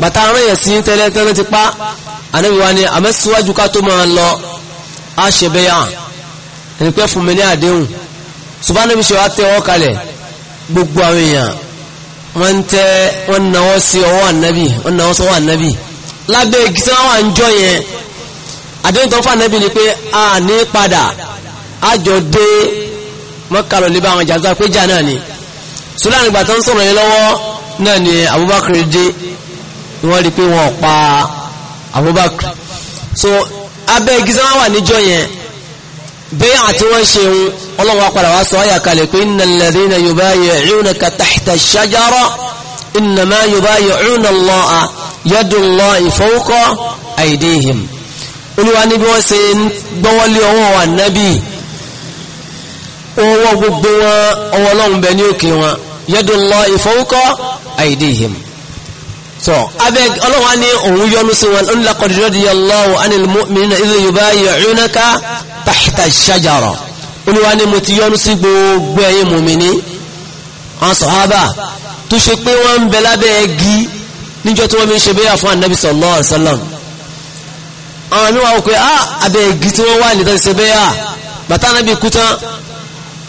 bàtà àwọn èèyàn sí tẹ́lẹ̀ tẹ́lẹ̀ ti pa ànábì wa ni àmẹ́síwájú ká tó máa lọ a ṣe bẹ́yà ẹni pé fún mi ní àdéhùn ṣùgbọ́n ànábì ṣe wá tẹ́ ọwọ́ kalẹ̀ gbogbo àwọn èèyàn wọ́n ń tẹ́ wọ́n náwó sí ọwọ́ ànábì wọ́n náwó sí ọwọ́ lábẹ́ igi tí wà ń jọ yẹn àdéhùn tó fún ànábì ni pé a ní padà a jọ dé mọ́kàlọ̀ lè bá àwọn jàǹtà pé jà náà ni sùlá nígbà tó ń sọ̀rọ̀ yẹn lọ́wọ́ náà ni Abubakar dé ni wọ́n rí pé wọ́n pa Abubakar so abẹ́ igi sáwọn wà níjọ́ yẹn bẹ́ẹ̀ àti wọ́n ṣe ń ọlọ́run apàdà wá sọ ayà kalẹ̀ pé innal ladhina yubayi'unaka tahta ash-shajara innama yubayi'una Allaha yadullahi fawqa aydihim olúwa níbi wọ́n ṣe gbọ́wọ́lé ọwọ́ wa nábì ọwọ́ gbogbo wọn ọwọ́ ọlọ́run bẹ ní òkè wọn yadullahi fawqa aydihim so abẹ́ ọlọ́wọ́ ní òun yọnu sí wọn ń laqad radiyallahu anil mu'minina idh yubayi'unaka tahta ash-shajara olúwa ni mo ti yọnu sí gbogbo ẹ̀yin mùmíní àwọn sàhábà tó ṣe pé wọ́n ń bẹ lábẹ́ ẹgí níjọ́ tí wọ́n fi ń ṣe bẹ́yà fún anabi sallallahu alaihi wasallam àwọn àmì wà wọ́n pé ah abẹ́ ẹgí tí wọ́n wà ní ṣe bẹ́yà bàtà anabi kú tán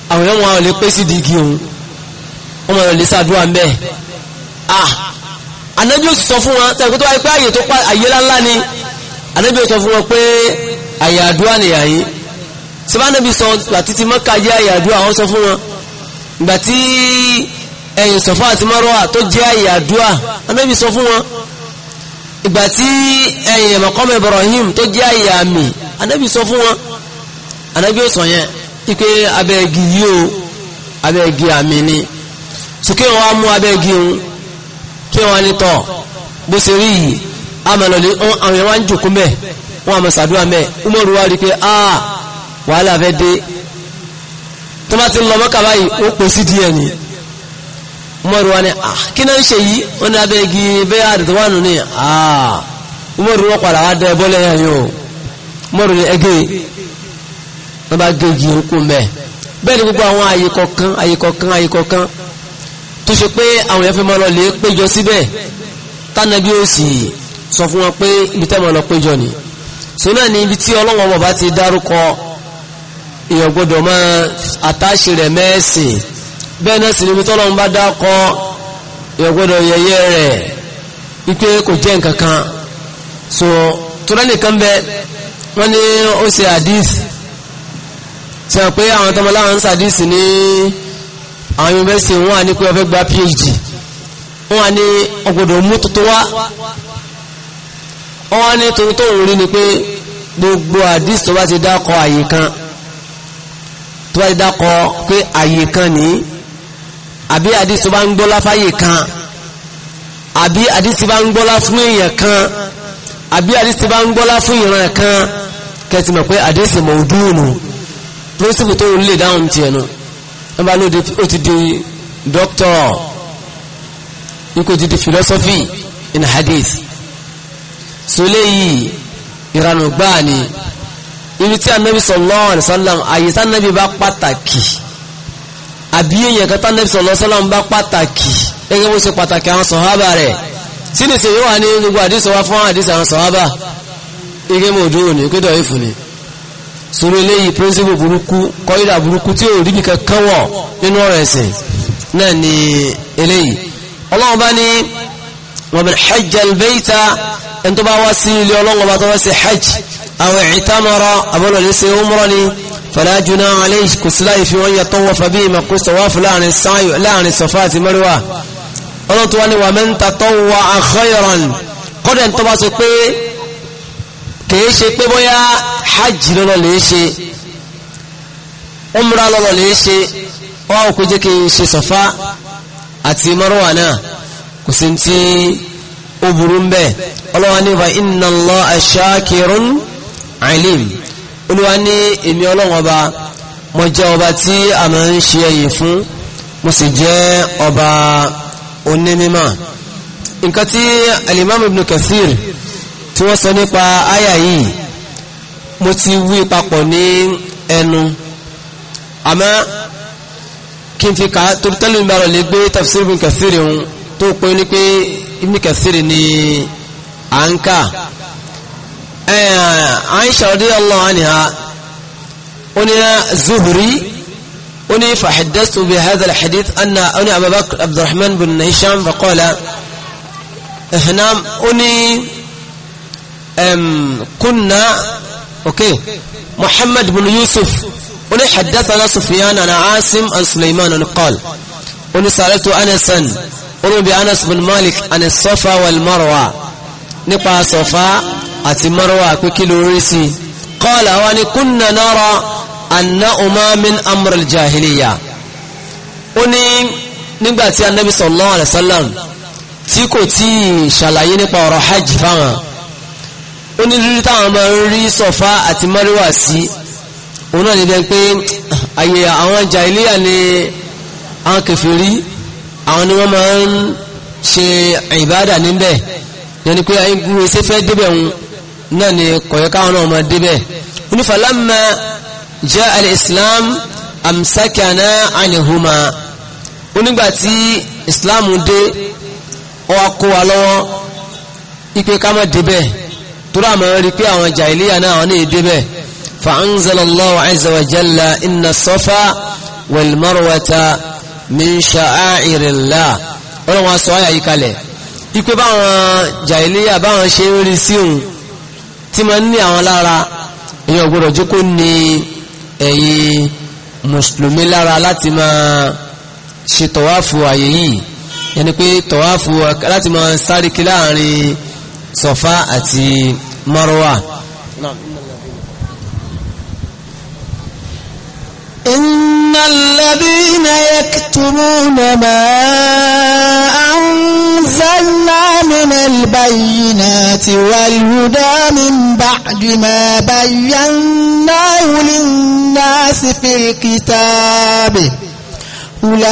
àwọn èèyàn wọn lè pé sí di igi òun wọn mọ̀ lè sàdúrà ń ah anabi ó sì sọ fún wọn tẹ̀kú tó wáyé pé àyè tó pa àyè ńláńlá ni anabi ó sọ fún wọn pé àyè àdúrà nìyà yìí sọba anabi sọ gbàtí ti mọ́ka jẹ́ àyè àdúrà wọn sọ fún wọn gbàtí ẹ̀yìn sọ̀fọ́ àti mọ́rọ́wà tó jẹ́ àyè àdúrà anabi sọ fún wọn ìgbà eh, ẹ̀yìn eh, mọ̀kọ́mọ̀ Ibrahim tó jẹ́ àyè àmì anabi sọ fún wọn anabi ó sọ yẹn ike abẹ́gi yóò abẹ́gi àmì ni so kí wọ́n mú abẹ́gi ń kí wọ́n ní tọ̀ bó ṣe rí yìí amọ̀lọ́lẹ́ àwọn èèyàn wá ń jòkó mẹ́ wọ́n àmọ̀ sàdúrà mẹ́ umaru wá rí pé a wàhálà fẹ́ dé tó bá ti lọ mọ́kà báyìí ó pè sí díẹ̀ ni umaru wá ní a kí náà ń ṣe yìí ó ní abẹ́gi bẹ́ẹ̀ àdìtò wà nù ní a umaru wọ́n padà wá dẹ́ bọ́lẹ̀ yẹn yìí o umaru ní ẹgbẹ́ wọ́n bá gégi orúkú mẹ́ bẹ́ẹ̀ ni gbogbo àwọn àyè kọ̀ọ̀kan àyè kọ̀ọ̀kan àyè kọ̀ọ̀kan tó ṣe pé àwọn èèyàn fẹ́ máa lọ lè péjọ síbẹ̀ tánàbí ó sì sọ fún wọn pé ibi tẹ́ máa lọ péjọ ni so náà ni ibi tí ọlọ́wọ́n ọmọ bá ti dárúkọ èèyàn gbọ́dọ̀ máa àtàṣe rẹ̀ mẹ́ẹ̀sìn bẹ́ẹ̀ náà sì ni ibi tọ́lọ́wọ́n bá dákọ èèyàn gbọ́dọ̀ yẹyẹ rẹ̀ wípé kò jẹ́ nǹkan kan so tó lẹ́nìkan bẹ wọ́n ní ó ṣe àdíìsì sọ pé àwọn tọmọ láwọn ń sàdísì ní àwọn yunifásitì wọn wà ní pé ọfẹ́ gba phd wọn wà ní ọgbọ̀dọ̀ mú tuntun wá wọn wà ní tuntun tó ń rí ni pé gbogbo àdísì tó bá ti dákọ àyè kan tó bá ti dákọ pé àyè kan ní àbí àdísì tó bá ń gbọ́lá fáyè kan àbí àdísì bá ń gbọ́lá fún èèyàn kan àbí àdísì bá ń gbọ́lá fún ìran kan kẹtìmọ̀ pé àdísì mọ̀ ọdún nù principle tó lè dáhùn tiẹ̀ nù wọ́n bá lóde ó ti di doctor ikú ti di philosophy in hadith so léyìí ìranù gbáà ni ibi tí anabi sallallahu alaihi wasallam àyè tí anabi bá pàtàkì àbí èèyàn kan tí anabi sallallahu alaihi wasallam bá pàtàkì gẹ́gẹ́ bó ṣe pàtàkì àwọn sọ̀hábà rẹ̀ tí ní sèyí wà ní gbogbo àdìsọ wá fún àdìsọ àwọn sọ̀hábà ike mọ̀ òdúró ni kí dọ̀ ìfún sórí eléyìí píríncípù burúkú kọ́ídà burúkú tí ò rí bí kankan wọ̀ nínú ọ̀rọ̀ ẹ̀sìn náà ni eléyìí ọlọ́run bá ní wa man hajja al-bayta ẹni tó bá wá sí ilé ọlọ́run ọba tó bá ṣe hajj aw i'tamara abọ́lọ́lẹ́ ṣe umra ni fala junaha kò sí láì fi wọ́n yà tawwafa bihi ma kó sọ̀wáfù láàrin sọ̀fà àti mẹ́rìwá ọlọ́run wá ní wa man tatawwa'a khayran kọ́dẹ̀ ń tó bá sọ pé kìí ṣe pé bóyá hajj lọ́lọ́ lè ṣe umra lọ́lọ́ lè ṣe wọ́n ò jẹ́ kí n ṣe Safa àti Marwa náà kò sí ti ó burú ń bẹ́ẹ̀ ọlọ́wọ́n ní fa inna Allaha shakirun alim olúwa ní èmi ọlọ́wọ́n ọba mo jẹ́ ọba tí a máa ń ṣe ẹ̀yìn fún mo sì jẹ́ ọba onímímọ́ nǹkan tí alimami ibn Kathir tí wọ́n sọ nípa àyà yìí mo ti wí papọ̀ ní ẹnu àmọ́ kí n fi kà á torí tẹ́lẹ̀ mi bá rọ lè gbé tafsir ibn Kathir òun tó pé ní pé ibn Kathir ni à ń kà Aisha radiyallahu anha ó ní Zuhri ó ní fahaddastu bi hadha al-hadith ó ní Abu Bakr bin Hisham faqala ihnam ó ní. أم كنا أوكي محمد بن يوسف ولي حدثنا سفيان عن عاصم عن سليمان قال ولي سألت أنسا ولي بأنس بن مالك عن الصفا والمروة نقع صفا أتي مروة كل قال وأن كنا نرى أنهما من أمر الجاهلية وني نقبع النبي صلى الله عليه وسلم تيكو تي شلعيني بورا حج فاهم ó ní lórí táwọn máa ń rí sọ̀fá àti mọ́ríwà sí òun náà níbẹ̀ pé àyè àwọn jàìlíyà ni àwọn kèfèrí àwọn ni wọ́n máa ń ṣe ìbádà níbẹ̀ yẹni pé àyè gbúre ṣe fẹ́ débẹ̀ òun náà ni kọ̀yẹ́ káwọn náà máa débẹ̀ onífàlámà jẹ́ al-islam amsakana anihuma onígbàtí islam dé ọkọ̀ wa lọ́wọ́ ipe ká má débẹ̀ tura mọ̀ rí pé àwọn jàìlíyà náà wọ́n ní èdè bẹ́ẹ̀ fa anzalallahu azza wa jalla inna safa wal marwata min sha'airillah ọlọ́run wa sọ àyà yìí kalẹ̀ ipe báwọn jàìlíyà báwọn ṣe ń rí sí òun tí wọ́n ní àwọn lára èèyàn gbọ́dọ̀ jókòó ní ẹ̀yìn mùsùlùmí lára láti máa ṣe tọ̀wáfù àyè yìí yẹni pé tọ̀wáfù láti máa sáré kí láàrin sọ̀fá àti مروة نعم إن الذين يكتمون ما أنزلنا من البينات والهدى من بعد ما بيناه للناس في الكتاب أولئك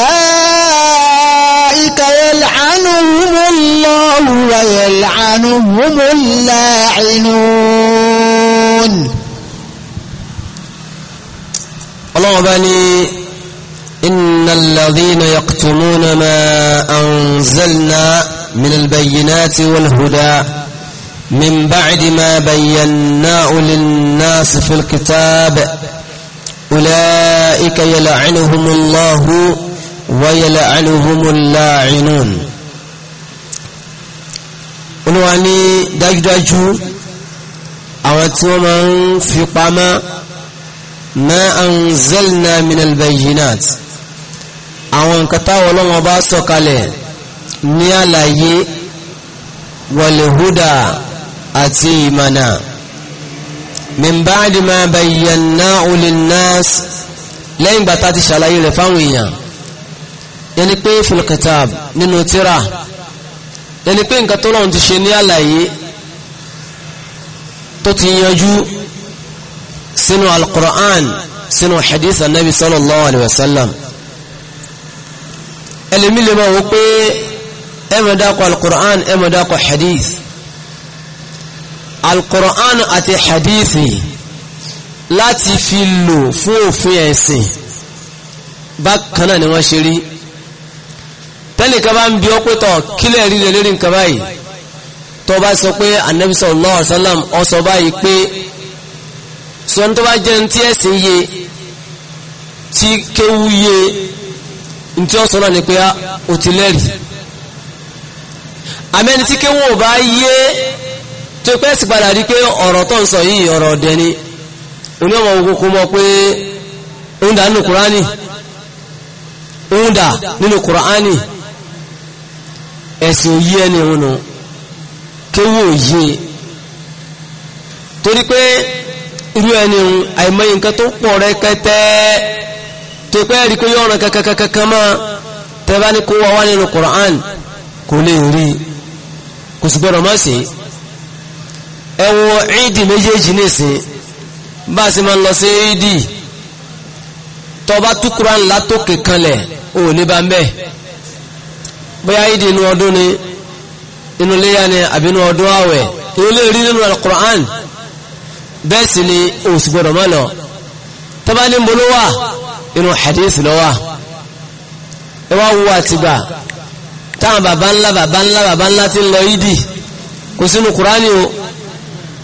يلعنهم الله ويلعنهم اللاعنون الله بني إن الذين يقتلون ما أنزلنا من البينات والهدى من بعد ما بيناه للناس في الكتاب أولئك يلعنهم الله ويلعنهم اللاعنون olúwa ní dájúdájú àwọn tí wọ́n máa ń fi pamọ́ ma anzalna minal bayyinat àwọn nǹkan táwọn bá sọ̀kalẹ̀ ní àlàyé wal àti ìmọ̀nà min ba'di ma bayyanna'u lin-nas lẹ́yìn gbà tá ti ṣàlàyé rẹ̀ fáwọn èèyàn yẹni pé fil kitab nínú tíra yẹni pé nǹkan tó lọ́run ti ṣe ní àlàyé tó ti yanjú sínú al-Qur'an sínú hadith anabi sallallahu alayhi wa sallam ẹlẹ́mi lè pé ẹ máa dákọ̀ al alkùrán àti hadithi láti fi lò fún òfin ẹ̀sìn bákan ni wọ́n ṣe rí tẹ́nìkan bá ń bi ọ́ pétọ̀ kílẹ̀ rí lè nǹkan báyìí bá sọ pé anabi sallallahu alaihi wasallam sọ báyìí pé sọ tó bá jẹ́ ní tí ẹ̀sìn sọ náà ni pé ó ah, ti lẹ́rìí àmẹ́ni tí kéwú ò bá tó pẹ́ sì padà rí pé ọ̀rọ̀ tó ń sọ yìí ọ̀rọ̀ ọ̀dẹ ni oní ọmọ òkúkú mọ́ pé ń dà nínú kùránì ń dà nínú kùránì ẹ̀sìn òyí ẹni òun nù kéwò òye torí pé irú ẹni òun àìmọye nǹkan tó pọ̀ rẹ kẹtẹ tó pẹ́ rí pé yọ̀ọ̀nà kankankankan máa tẹ́ bá ní kó wá wá nínú kùránì kò lè rí kò sì gbọ́dọ̀ má sí i ẹ̀wọ̀n ìdì méjèèjì nìsín bá a sì máa ń lọ sí ìdì tọba túkúrá ńlá tó kékanlẹ̀ ò ní bá ń bẹ̀ bóyá ìdì inú ọdún ni inú léyà ni àbí inú ọdún àwẹ̀ èyí lè rí nínú alukur'an bẹ́ẹ̀ sì ni òsì gbọdọ̀ mọ́ lọ tọba ní mbolo wà inú hadith lọ wà ẹ wá wú àtìgbà táwọn baba ńlá baba ńlá baba ńlá ti ń lọ ìdì kò sínú kurani o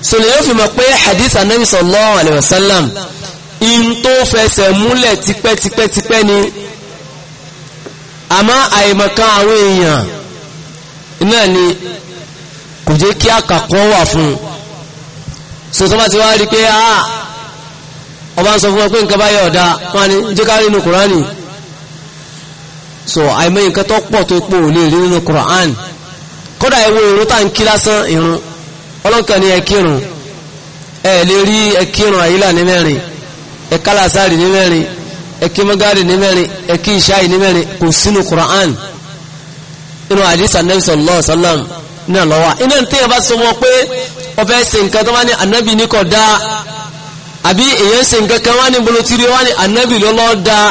so lè yóò fi mọ̀ pé hadith anabi sallallahu alayhi wa sallam in tó fẹsẹ̀ múlẹ̀ tipẹ́tipẹ́tipẹ́ ni àmọ́ àìmọ̀kan àwọn èèyàn náà ni kò jẹ́ kí àkàkọ́ wà fún un so tó bá ti wá rí pé ah ọba ń sọ fún wọn pé nǹkan báyọ̀ ọ̀dá wọn ni jẹ́ ká rí inú kùránì so àìmọ̀ nǹkan tó pọ̀ tó pọ̀ ò lè rí inú kùránì kódà ẹwọ ìrún ń kí lásán ìrún ọlọ́kàn ní ẹkírun ẹ lè rí ẹkírun àyílà ní mẹ́rin ẹkálàsáàrì ní mẹ́rin ẹkí mọ́gàrì ní mẹ́rin ẹkí ìṣáì ní mẹ́rin kò sínú Qur'an inú àdìsí anabi sallallahu alaihi wasallam náà lọ́wọ́ iná tí yẹn bá sọ wọn pé ọfẹ́ ṣe nǹkan tó wá ní anabi ní kò dáa àbí èyàn ṣe nǹkan kan wá ní bolotiri wá ní anabi lọ́lọ́ dáa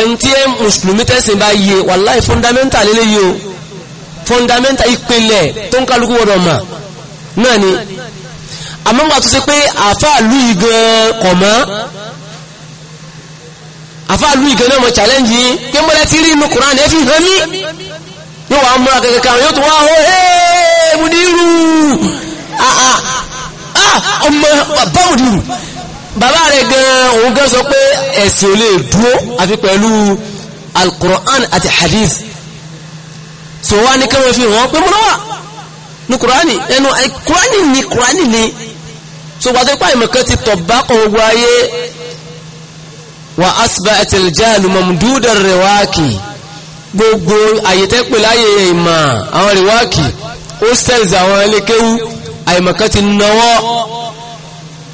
ẹni tí yẹn mùsùlùmí tẹ̀sìn bá yé wàláì fọ́ndámẹ́ntà lélẹ́yìí o fọ́ndámẹ́ntà ìpìlẹ̀ tó ń kálukú wọ́dọ̀ mọ̀ náà ni àmọ́gbà tó ṣe pé àfáàlú igan kọ̀mọ́ àfáàlú igan náà mọ̀ challenge yìí pé mọ́lẹ́ ti rí inú Kùránì ẹ fi hàn mí yóò wá mọ́ akẹ́kẹ́ kan yóò tún wá hó ẹ́ẹ́ mú ní irú ah, ah, ah, ọmọ báwo ni bàbá rẹ̀ gan òun gan sọ pé ẹ̀sìn ò lè dúró àfi pẹ̀lú al-Qur'an àti hadith so wá ní kẹ́wọ́n fi hàn pé mọ́lọ́wà ní kùránì ẹnu kùránì ni kùránì ni so wàtí pa ìmọ̀kan ti tọ̀ bá kan gbogbo ayé wà asibà ẹtìlìjáàlù mọ̀mùdúdà rẹwàákì gbogbo àyè tẹ́ pè láyé ìmọ̀ àwọn rẹwàákì hostels àwọn ẹlẹ́kẹ́wú àìmọ̀kan ti náwọ́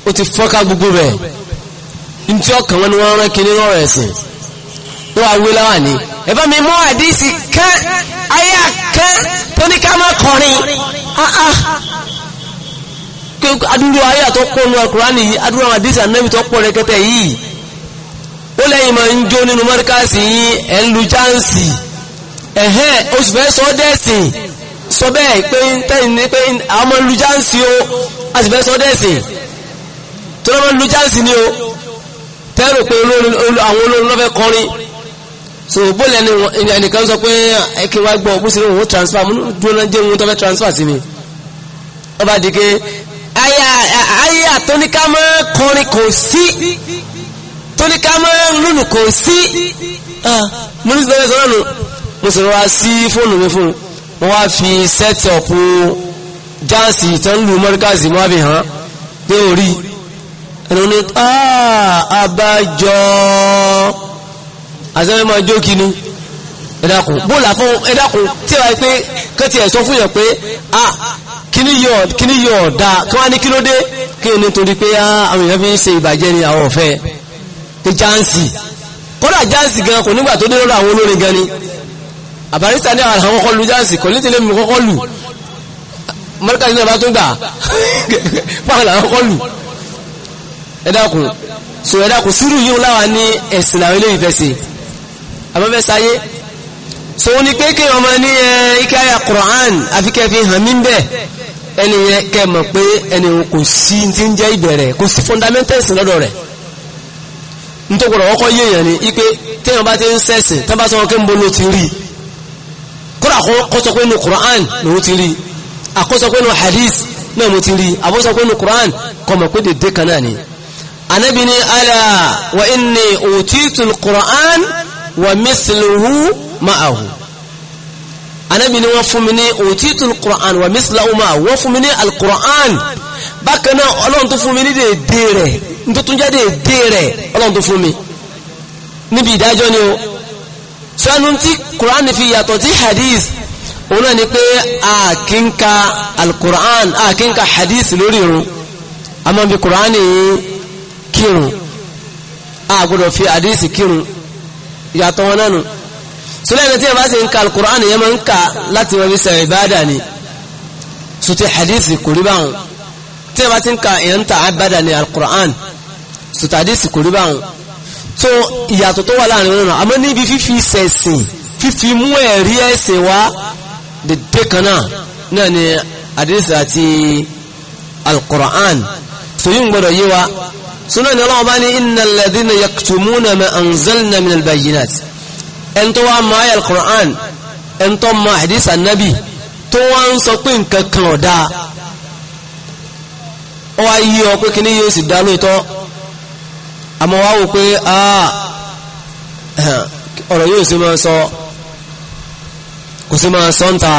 ó ti fọ́ká gbogbo rẹ̀ ní tí ọkàn wọn ni wọ́n rán kiri rọrẹ̀ ẹ̀sìn wọ́n awé láwà ni ẹ̀bá mi mú àdísì kán ayá kán tó ní ká mọ́ kọrin àà adúrú ayá tó kónú ọkùnránì yìí adúrú àwọn àdísì ànábì tó pọ̀ rẹkẹtẹ yìí ó lẹ́yìn máa ń jó nínú mọ́ríkàsì yìí ẹ̀ ń lu jáǹsì ẹ̀hẹ́n oṣù fẹ́ sọ dẹ́sìn sọ bẹ́ẹ̀ pé tẹ́yìn ní pé àwọn ọmọ lu jáǹsì o a sì fẹ́ sọ dẹ́sìn tó lọ́mọ lu jáǹsì ni o tẹ́rù pé àwọn olórin lọ́fẹ́ kọrin so bóòlù ẹni ẹnìkan sọ pé ẹkẹ wá gbọ́ bó ṣe lóun ó transfer mo ní dúró náà jẹ́ ohun tó fẹ́ transfer sí mi wọ́n bá di ké ayé àtóníká mọ́ kọrin kò sí tóníká mọ́ lùlù kò sí ah, mo ní sọ́dọ̀ sọ́dọ̀ nù mo sì rọra sí fóònù mi fún un wọ́n wá fi set up jáàsì tó ń lu mọ́ríkàsì mọ́ àbí hàn pé orí ẹni wọn ni ah, abájọ́ àṣẹ́fẹ́ máa jó kí ni ẹ̀dàkùn bóòlà fún ẹ̀dàkùn tí wà pé kẹ́tì ẹ̀sọ́ fún yàn pé a kíní yọ kíní yọ ọ̀dà kí wọ́n á ní kí ló dé kí ni torí pé àwọn èèyàn fi ń ṣe ìbàjẹ́ ni àwọn ọ̀fẹ́ pé jáǹsì kódà jáǹsì gan kò nígbà tó dé lọ́dọ̀ àwọn olórin gan ni àbáríṣà ní àwọn àkọ́kọ́ lu jáǹsì kò ní tẹ́lẹ̀ mi kọ́kọ́ lù mọ́ríkà ní ọba tó gbà pàwọn [LAUGHS] àkọ́kọ́ lù ẹ̀dàkùn so ẹ̀dàkùn sírù yìí láwa ní ẹ̀sìn àwọn eléyìí fẹ́ sí i àbọ̀fẹ́ sáyé so ní pé kí ọmọ ní ẹ ike aya Qur'an àfi kẹfì hàn mí bẹ́ẹ̀ ẹni yẹn kẹ mọ̀ pé ẹni kò sí ti ń jẹ́ ìbẹ̀rẹ̀ kò sí fundamentals lọ́dọ̀ rẹ̀ nítorí ọkọ̀ yéèyàn ni ipe téèyàn bá ti ń sẹ̀sìn tó bá sọ wọn kí n bolo ti rí i kódà kọ́sọ pé nu Qur'an lòun ti rí i àkọ́sọ pé nu hadith náà mo ti rí i àbọ́sọ pé nu mọ̀ pé dèdè kan náà ni anabi ala wa inni utitul Qur'an wa misluhu ma'ahu anabi ni wọ́n fún mi ní òtítù al-Qur'an wa misluhu ma'ahu wọ́n fún mi ní al-Qur'an bákan náà ọlọ́run tó fún mi ní dèdè rẹ̀ nítorí jẹ́ dèdè rẹ̀ ọlọ́run tó fún mi níbi ìdájọ́ ni o sọ́nù tí Qur'an fi yàtọ̀ tí hadith òun náà ni pé àkínka al-Qur'an hadith lórí irun a máa fi Qur'an yìí kírun a gbọ́dọ̀ fi hadith kírun ìyàtọ̀ wọn nánu sọlẹ́ni tí a bá sì ń ka alukur'an yẹn máa ń ka láti wọ́n fi sẹ̀rẹ̀ ìbáàdà ni sọtí hadith kò rí báwọn tí a bá ti ń ka ìyẹn ta àbáàdà ni alukur'an sọtí hadith kò rí báwọn tó ìyàtọ̀ tó wà láàrin wọn náà àmọ́ níbi fífi sẹ̀sìn fífi mú ẹ̀rí ẹ̀sìn wá dédé kan náà náà ni hadith àti alukur'an sọ yìí ń gbọdọ̀ yé wa súnà ní ọlọ́wọ́ bá ní innal ladhina yaktumuna ma anzalna minal bayyinat ẹni tó wá máa yẹ alukur'an ẹni tó máa hadith anabi tó wá ń sọ pé nǹkan kan ọ̀dá ó wá yí ọ pé kíní yóò sì dá lóòótọ́ àmọ́ wá wò pé ọ̀rọ̀ yóò sì máa sọ kò sí máa sọ ń ta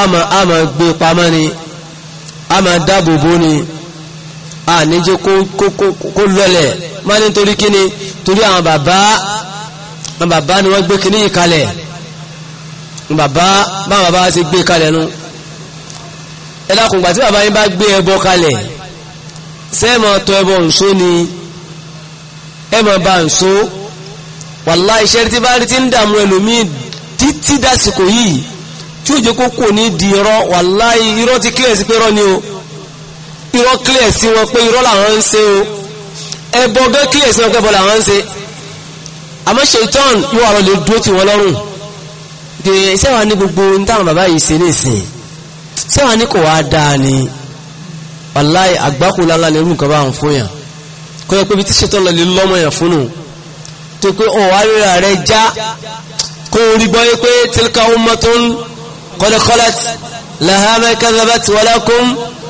àmà gbé pamọ́ ni àmà dáàbò bò ni a ah, níjẹ́ kó lọ́lẹ̀ má ní torí kíni torí àwọn bàbá àwọn bàbá ni wọ́n gbé kíní yìí kalẹ̀ bàbá bá bàbá ti gbé kalẹ̀ nu ẹ dákun gbà tí bàbá yín bá gbé ẹbọ kalẹ̀ sẹ́ẹ̀mọ̀ tọ ẹbọ ǹṣó ni ẹmọ̀ bá ǹṣó wàlá iṣẹ́ tí bá rí tí ń dààmú ẹlòmíì títí dásìkò yìí tí ó jẹ́ kó kò ní di irọ́ wàlá irọ́ ti kílẹ̀ sí pé irọ́ ni o irọ́ clear sí wọn pé irọ́ làwọn ń ṣe o ẹbọ gẹ́ clear sí wọn pé ẹbọ làwọn ń ṣe àmọ́ ṣètọ́n yóò àrọ̀ lè dúró tì wọ́n lọ́rùn gèè sẹ́wà ní gbogbo ní táwọn bàbá yìí ṣe nìsín sẹ́wà ní kò wá dáa ni wàláì àgbákò lálá lè rú nǹkan fún yàn kó yẹ pé bí tí lọ lè lọ́mọ yàn fún nù tó pé ọ̀wá rírà rẹ já kó rí gbọ́ pé tilka ummatun qad khalat laha ma kadhabat wa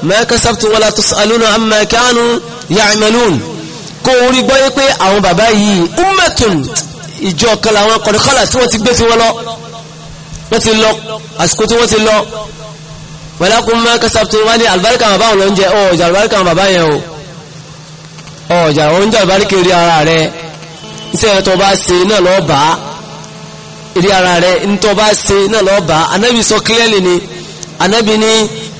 ma kasabtu wala tusaluna amma kanu ya'malun kó orí gbọ́yé pé àwọn bàbá yìí ummatun ìjọ kan làwọn kọ̀dọ̀kọ́là tí wọ́n ti gbé tí wọ́n lọ wọ́n ti lọ àsìkò tí wọ́n ti lọ walakum ma kasabtu wọ́n ní àlùbáríkà bàbá wọn lọ ń jẹ ọjà àlùbáríkà bàbá yẹn o ọjà wọn ń jẹ àlùbáríkà ara rẹ iṣẹ́ tó bá ṣe náà lọ́ọ́ bá rí ara rẹ ń tó bá ṣe náà lọ́ọ́ bá anábì sọ clearly ni anábì ní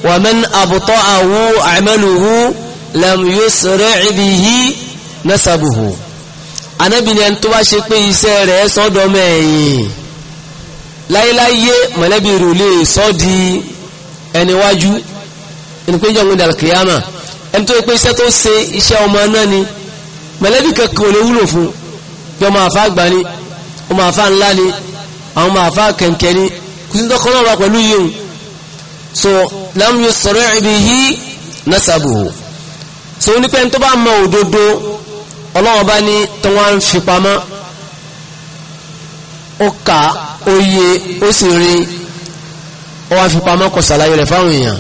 ومن أبطأه عمله لم يسرع به نسبه Ànábì ní ẹni tó bá ṣe pé iṣẹ́ rẹ̀ sọ́dọ̀ mẹ́yìn láíláyé mọ̀lẹ́bí rò lè sọ́ di ẹniwájú ẹni pé jọ̀ngún dàlùkìyàmà ẹni tó yẹ pé iṣẹ́ tó ṣe iṣẹ́ ọmọ náà ni mọ̀lẹ́bí kankan ò lè wúlò fún bí ọmọ àfa àgbà ni ọmọ àfa ńlá ni àwọn ọmọ àfa kẹ̀kẹ́ ni kùsùn tó kọ́ náà wà pẹ̀lú yìí so lam yusri' bihi nasabuhu so onípẹ́ tó bá mọ òdodo ọlọ́wọ́n bá ní tó wá ń fi pamọ́ ó kà ó yé ó sì rí ó wá fi pamọ́ sàlàyé rẹ̀ fáwọn èèyàn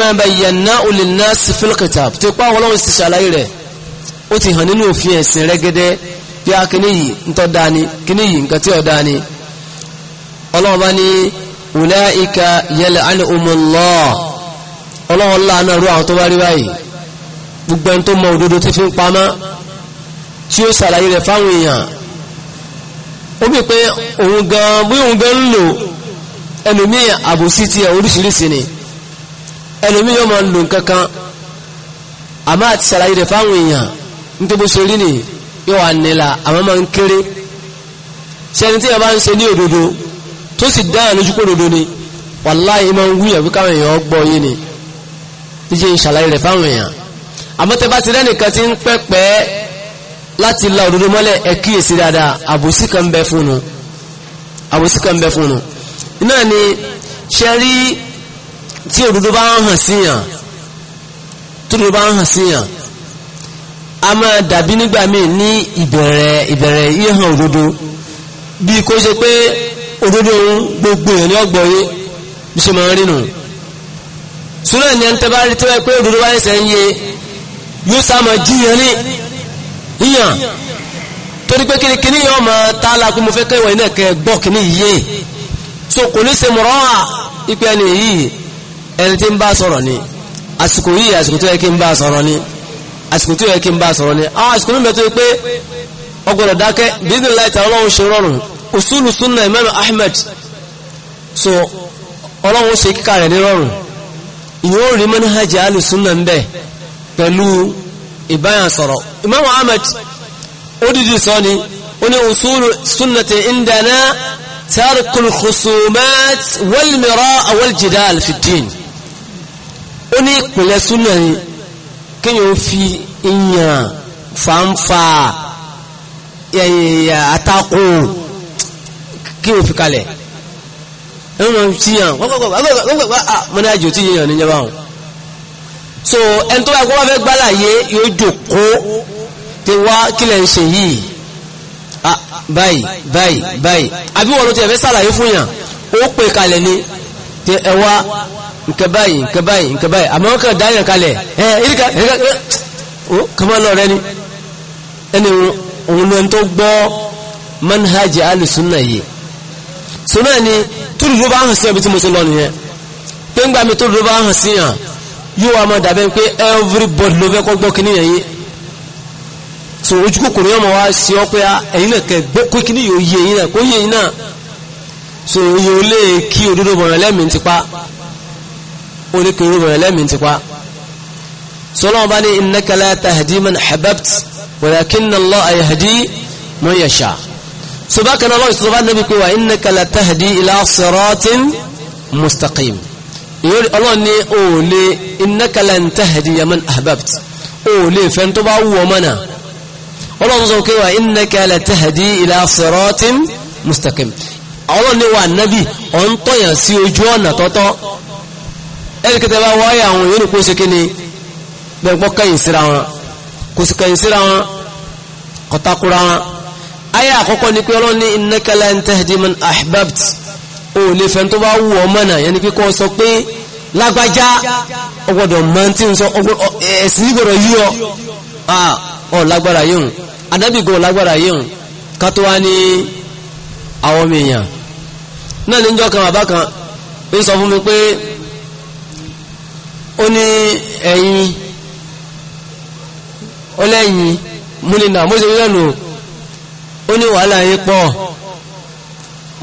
ma bayyanahu linnasi fil kitab tó pa ọlọ́wọ́n sì sàlàyé rẹ̀ ó ti hàn nínú òfin ẹ̀sìn rẹ́gẹ́dẹ́ bí a kìíní yìí ń tọ́ yìí ulaika yal'anuhumullah ọlọ́wọ́ láàánú ẹrú àwọn tó bá rí báyìí gbogbo ẹni tó mọ òdodo tí fi ń pamọ́ tí ó ṣàlàyé rẹ̀ fáwọn èèyàn ó bí pé òun gan bí òun gan ń lò ẹlòmíì àbòsí ti ẹ̀ oríṣiríṣi ni ẹlòmíì yóò máa ń lò nǹkan kan àmọ́ àti ṣàlàyé rẹ̀ fáwọn èèyàn nítorí bó ṣe rí nìyí yóò wà nílà àmọ́ máa ń kéré ṣẹni tí ẹ bá ń ṣe ní òdodo tó sì dáyà lójú kó dodo ni wàláyé máa ń wúyà bí káwọn èèyàn gbọ́ yé ni díje ìṣàlàyé rẹ̀ fáwọn èèyàn àmọ́ tẹ bá ti rẹ́nìkan ti ń pẹ́pẹ́ láti la òdodo mọ́lẹ̀ ẹ kíyèsí dáadáa àbòsí kan ń bẹ fún un àbòsí kan bẹ fún un náà ni ṣe rí tí òdodo bá ń hàn síyàn tó òdodo bá ń hàn síyàn a máa dàbí nígbà míì ní ìbẹ̀rẹ̀ ìbẹ̀rẹ̀ yíhan òdodo bí kò ṣe pé òdodo ohun gbogbo èèyàn ní ọgbọ̀ yé bí ṣe máa ń rìnà sùnà ní ẹni tẹ́bá rí tẹ́wẹ́ pé òdodo bá ẹsẹ̀ ń yé yóò sáàmà jíyàn ní yíyàn torí pé kíni kíní yóò máa ta la pé mo fẹ́ kẹ́wọ̀ iná kẹ́ gbọ́ kíní yé so kò ní ṣe mọ̀rọ́ à ipe ẹni yìí ẹni tí ń bá sọ̀rọ̀ ni àsìkò yìí àsìkò tó yẹ kí ń bá sọ̀rọ̀ ni àsìkò tó yẹ kí ń bá sọ̀rọ̀ ni àwọn àsìkò mímẹ́tò yìí pé ọgbọ̀dọ̀ dákẹ́ bí ní láìta ọlọ́run ṣe rọrùn usulu sunna imam ahmed so ọlọ́run ó ṣe kíkà rẹ̀ nírọ̀rùn ìyẹn ó rí manhaj alùsúnà ń bẹ̀ pẹ̀lú ìbáyàn sọ̀rọ̀ imam ahmed ó dìdì sọ ni ó ní usulu sunnati indana tarkul khusumat wal mira' wal jidal fi din ó ní ìpìlẹ̀ súnà ni kíyàn fi ìyàn fàǹfà àtakò kí o fi kalẹ̀ ẹ̀rọ máa ti yàn gbọ́gbọ́gbọ́ àjò tí yẹn níjọba wọn. so ẹni tó bá kọ́ wá fẹ́ gbálàyé yóò jòkó tí wá kílẹ̀ ń ṣe yìí ah, báyìí báyìí báyìí àbí wọn ló ti ẹ̀fẹ́ sàlàyé fún yàn ó pè kalẹ̀ ni tí ẹ wá nkẹ báyìí nkẹ báyìí nkẹ báyìí àmọ́ wọn kàn dá yàn kalẹ̀ ẹ irika irika ó kàmá lọ rẹ ni ẹni òun lẹ́ni tó gbọ́ manhaj alùsùn yìí so náà ni tó dúdú bá hàn sí ibi tí mo ti lọ nìyẹn pé ń gbà mí tó dúdú bá hàn sí yàn yóò wá máa dàbẹ́ pé everybody ló fẹ́ kọ́ gbọ́ kíní yẹn so ojú kòkòrò yẹn mọ̀ wá sí ọ pé ah, ẹ̀yin náà kẹ gbọ́ pé kíní yóò yé yín náà kó yé yín náà so òye ò kí òdodo bọ̀ràn lẹ́mìí ti pa ó lè kí òdodo bọ̀ràn lẹ́mìí ti pa sọlọ́wọ́n bá ní innaka la tahdi man ahbabta walakinna Allah yahdi man yasha sọba kan ọlọ́run sọba nẹ́bí pé wà innaka latahdi ila siratin mustaqim ọlọ́run ní o lè innaka lan tahdi man ahbabt o lè fẹ́ tó bá wù ọ mọ́nà ọlọ́run sọ pé wà innaka latahdi ila siratin mustaqim ọlọ́run ní wà nẹ́bí ọ̀ ń tọ̀yàn sí ojú ọ̀nà tọ́tọ́ ẹni kẹta bá wáyé àwọn yóò ní kó ṣe ni bẹ́ẹ̀ gbọ́ kẹ́yìn síra wọn kó sì kẹ́yìn síra wọn kọ́takura wọn ayé àkọ́kọ́ ni pé ọlọ́run ní innaka lan tahdi man ahbabt o lè fẹ́ tó bá wù ọ mọ̀nà yẹn ni pé kọ́ sọ pé lágbájá ọgbọ́dọ̀ máa ti ń sọ ẹ̀sìn nígbọ̀dọ̀ yí ọ ọ lágbára yóò anábì gan lágbára yóò ká tó wá ní àwọn ọmọ èèyàn náà ní njọ́ kan bàbá kan ń sọ fún mi pé ó ní ẹ̀yin ó lẹ́yìn múlẹ̀ náà mo ṣe wíwẹ́ ó ní wàhálà yìí pọ̀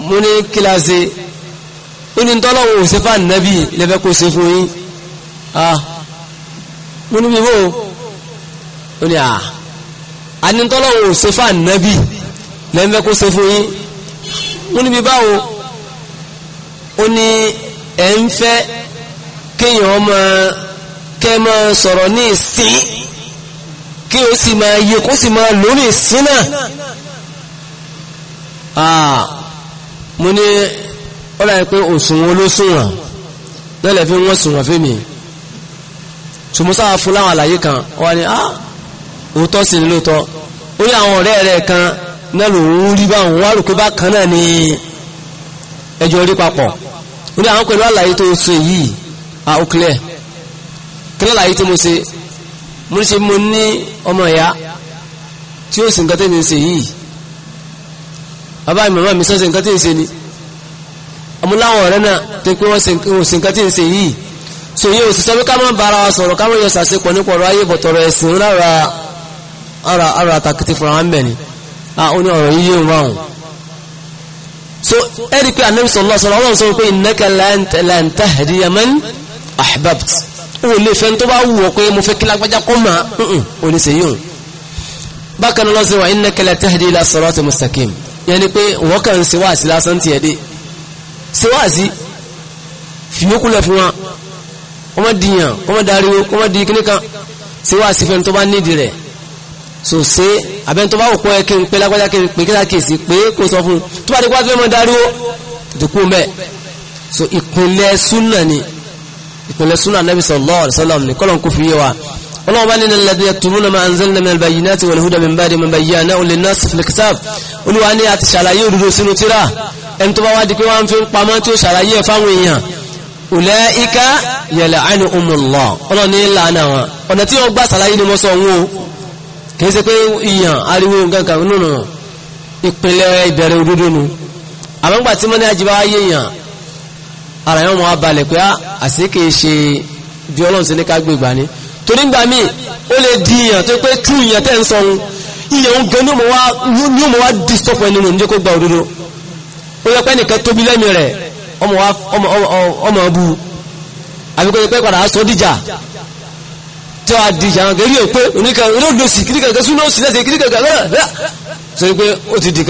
mo ní kíláàsì ó ní tọ́lọ́wọ́ ò sefa lẹ́fẹ́ kó se fún yín ah mo ní bíbó ó ní ah àní tọ́lọ́wọ́ ò sefa nàbí lẹ́fẹ́ kó se fún yín mo ní bíbá o ó ní ẹ̀ ń fẹ́ kéèyàn ọmọ kẹ́ mọ́ sọ̀rọ̀ ní ìsín kí o sì máa yẹ kó sì máa lórí ìsín náà àà ah, mo ní ó láyé pé òsùnwọ̀n olóṣùnwọ̀n lẹ́lẹ̀ fi wọ́n sùnwọ̀n fún mi ṣùgbọ́n fún láwọn àlàyé kan wà ní à ah, òótọ́ sí ni lóòótọ́ ó ní àwọn ọ̀rẹ́ rẹ̀ kan náà lòun rí báwọn wá rò pé bákan náà ni ẹjọ́ rí papọ̀ ó ní àwọn pẹ̀lú àlàyé tó ṣe yìí àókìlẹ̀ ah, kí lálàyé tí mo ṣe mo ṣe mo ní ọmọ ìyá tí ó sì ń gọ́tẹ́ mi ṣe yìí bàbá mi màmá mi sọ́sẹ̀ nǹkan tí ń ṣe ni amúláwọ̀ ọ̀rẹ́ náà tó pé wọ́n ṣe nǹkan tí ń ṣe yìí so yóò sì sọ pé ká má bára wa sọ̀rọ̀ ká má yọ sàṣepọ̀ nípa ọ̀rọ̀ ayé bọ̀tọ̀rọ̀ ẹ̀sìn lára ara ara àtàkìtì fúnra wọn bẹ̀ ni a ó ní ọ̀rọ̀ yìí yóò wá wọn. so ẹ̀rí pé anabi sọ̀rọ̀ sọ̀rọ̀ ọlọ́run sọ pé innaka lan tahdiya ahbabt òun lè fẹ́ tó bá wù ọ pé mo fẹ́ kí lágbájá kọ́ mà ń ń oníṣẹ́yìn bákan náà lọ́sẹ̀ wà innaka la tahdi ila sirati yẹn ni pé wọ́n kàn ń ṣe wáàsí lásán tiẹ̀ dé ṣe wáàsí fìyókùlẹ̀ fún wa kọ́mọ dìyàn kọ́mọ dariwo kọ́mọ di kíní kan ṣe wáàsí fẹ́ni tó bá nídìí rẹ̀ so ṣe abẹ́ni tó bá wò kọ́ ẹ kí n pé lágbájá kí n pè kí lákèsí pé kò sọ fún un tó bá dé kó wá fẹ́ mọ dariwo tètè kú mbẹ́ so ìpínlẹ̀ súnà ni ìpínlẹ̀ súnà Nabi sallallahu ni kọ́lọ̀ ń kó fi yé wa ọlọ́run bá nínú ẹlẹ́dẹ́ yẹtùmúnà máa ń zẹ́lẹ̀ mẹ́lẹ̀ bàyí náà ti wọ̀lẹ̀ húdà mẹ́mbà dé mẹ́mbà yíyá náà olè náà sífìlẹ̀ kìtàb olúwa ní àti ṣàlàyé òdodo sínú tíra ẹni tó bá wá di pé wọ́n fi ń pamọ́ tí ó ṣàlàyé fáwọn èèyàn olè wọn ọ̀nà tí pé ìyàn ariwo nǹkan ah, ṣe bí ọlọ́run ní ká gbé ìgbà torí gbà mí ó lè di ìyàn tó pé tú ìyàn tẹ́ ń sọ ohun ìyàn ń gan ní òmò wá distop ẹni nù ní kó gba òdodo ó yẹ pé nìkan tóbi lẹ́mí rẹ̀ ọmọ ọbú àbíkó yẹ pé padà sọ dìjà tí wàá dìjà àwọn kẹrí ò pé oníkan olóòdò sí kíríkà kan lẹ́sẹ̀ kíríkà kan sọ pé ó ti dì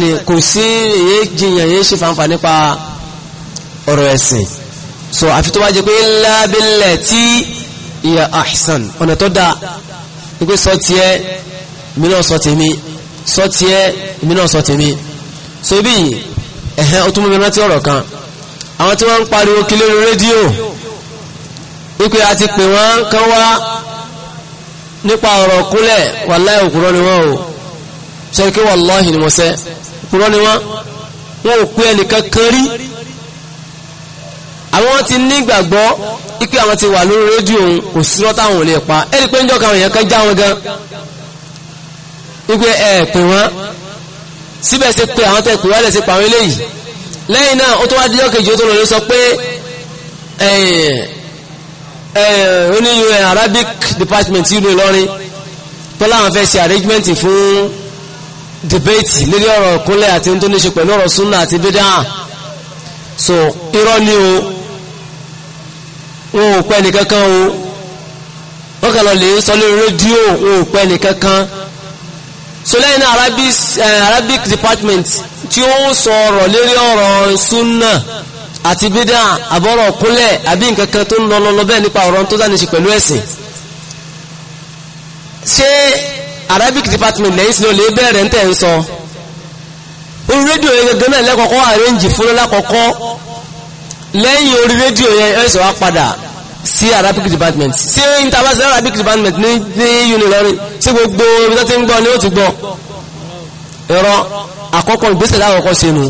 ni kò sí èyí jiyàn èyí ṣe fanfa nípa so àfi tó bá jẹ́ pé illa billati hiya ahsan ọ̀nà tó dáa wípé sọ tiẹ́ èmi náà sọ tèmi sọ tiẹ́ èmi náà sọ tèmi so ibi yìí ẹ̀hẹ́ ó tún mú mi rántí ọ̀rọ̀ kan àwọn tí wọ́n ń pariwo kí lórí rédíò wípé a ti pè wọ́n kán wá nípa ọ̀rọ̀ kúnlẹ̀ wallahi òkúrọ́ ni wọ́n o ṣe kí wallahi ni mo sẹ́ òkúrọ́ ni wọ́n wọ́n ò pé ẹnìkan kan rí ti ní ìgbàgbọ́ ipe àwọn ti wà lórí rédíò òun kò sí lọ́tà àwọn ò lè pa ẹni pé ń jọ́ káwọn èèyàn kan já wọn gan wípé ẹ pè wọ́n síbẹ̀ ṣe pé àwọn tẹ́ pè wọ́n lẹ̀ eléyìí lẹ́yìn náà ó tó wá díjọ́ kejì ó tó lọ ló sọ pé ó Arabic department ìlú Ìlọrin tó láwọn fẹ́ ṣe arrangement fún debate lórí ọ̀rọ̀ kúnlẹ̀ àti tó ní ṣe pẹ̀lú ọ̀rọ̀ súnà àti bídà so irọ́ ni o wọn ò pẹ́ nìkankan o wọ́n kàn lọ lè sọ lórí rédíò wọn ò pẹ́ nìkankan so lẹ́yìn náà Arabic, uh, Arabic department tí ó sọ ọ̀rọ̀ lérí ọ̀rọ̀ sunna àti bídà àbọ̀rọ̀ kúnlẹ̀ àbí nkankan tó ń lọ lọ́lọ́ bẹ́ẹ̀ nípa ọ̀rọ̀ tó dáni ṣe pẹ̀lú ẹ̀sìn ṣé Arabic department lẹ́yìn sínú lè bẹ̀rẹ̀ ń tẹ̀ ń sọ orí rédíò yẹn gẹ́gẹ́ náà lẹ́kọ̀ọ́kọ́ àrẹ́ǹjì fún lọ́lákọ̀ọ́kọ́ lẹ́yìn orí rédíò yẹn ẹ̀sọ̀ wá padà sí arabic department ṣé international arabic department ní ní unilorin ṣé gbogbo ibi tó ti ń gbọ́ ni ó ti gbọ́ ẹ̀rọ àkọ́kọ́ ìgbésẹ̀ láwọ̀kọ́ ṣe nu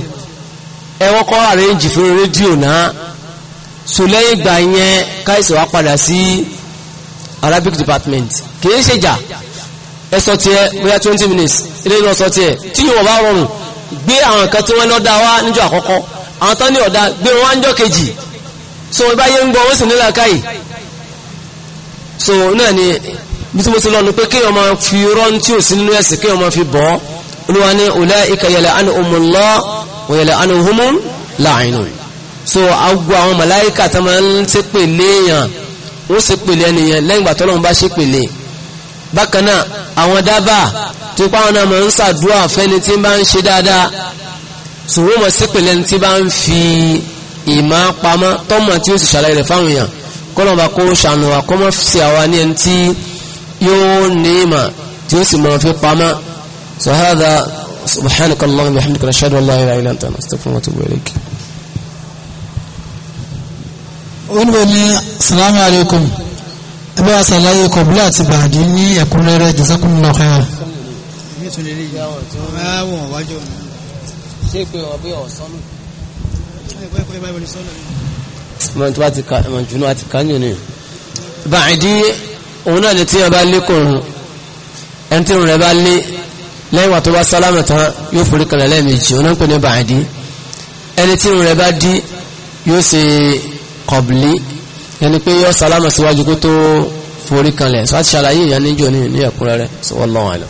ẹ̀wọ́n kọ́ àrẹ́ǹjì fún rédíò náà so lẹ́yìn ìgbà yẹn káìsẹ̀ wá padà sí arabic department kìí ṣe jà ẹ̀sọ̀ tiẹ̀ bóyá twenty minutes ilé ìlọsọ tiẹ̀ tí yóò wọ́n bá rọrùn gbé àwọn nǹkan tí wọ́n lọ́dá wá níjọ́ àkọ́kọ́ àwọn tán ní ọ̀dá gbé wọn wáńjọ́ kejì so wọ́n bá yé ń gbọ́ wọ́n sì nílà káyì so náà ni bí tí mo ti lọ nu pé kéèyàn máa fi rọ́n tí ò sí nínú ẹ̀sìn kéèyàn máa fi bọ́ olúwa ní ulaika yal'anuhumullah wa yal'anuhumul la'inun so agbo àwọn màláìkà tó máa ń ṣe pèlè èèyàn ó ṣe pèlè ènìyàn lẹ́yìn ìgbà tọ́lọ́run bá ṣe pèlè bákan náà àwọn dábàá tó pàwọn náà máa ń ṣàdúrà fẹ́ni tí ń bá ń ṣe dáadáa sòwò mọ̀ sí pẹ̀lẹ́ tí bá ń fi ìmọ̀ pamọ́ tọ́mọ̀ tí ó sì ṣàlàyé rẹ̀ fáwọn èèyàn kọ́lọ́ba kó ṣàánú wa kọ́mọ́ sí àwa ní ẹni tí yóò ní ìmọ̀ tí ó sì mọ̀ fi pamọ́ sọ hádà subhanaka allahumma wa bihamdika ashhadu an la ilaha illa anta astaghfiruka wa atubu ilayk ní salamu alaikum ẹgbẹ́ àṣàlàyé kọ̀bílà àti bàdí ní ẹ̀kúnrẹ́rẹ́ jazakumullahu khairan pé wọn bí wọn sọ́nù. mọ̀ tó bá ti ka mọ̀ jùlọ àti ká yàn ni. bàdí òun náà ni tí wọn bá lékòrò ẹni tí òun rẹ bá lé lẹ́yìn wà tó bá sálámù tán yóò forí kalẹ̀ lẹ́ẹ̀mejì òun náà ń pè ní bàdí ẹni tí òun rẹ bá dí yóò ṣe kọ̀bìlì ẹni pé yóò sálámù síwájú kó tó forí kalẹ̀ sọ àti ṣàlàyé ìyẹn níjọ ní ẹ̀kúnrẹ́rẹ́ sọ wọ́n lọ́wọ́ àlọ́.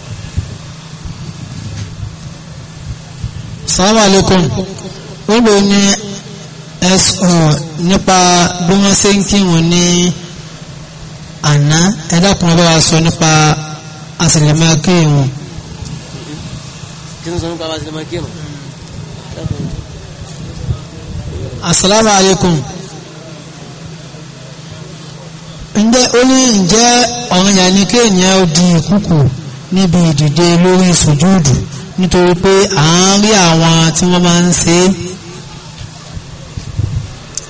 salamu alaikum ó lò ní nipa nípa bí wọ́n ṣe ń kírun ní àná ẹ̀dàkùn ọba wa sọ nípa àṣìlẹ̀mọ́ kírun. asalaamu alaikum ǹjẹ́ ó ní ǹjẹ́ ọ̀ranyàn ni kéèyàn di nítorí pé à ń rí àwọn tí wọ́n máa ń ṣe é.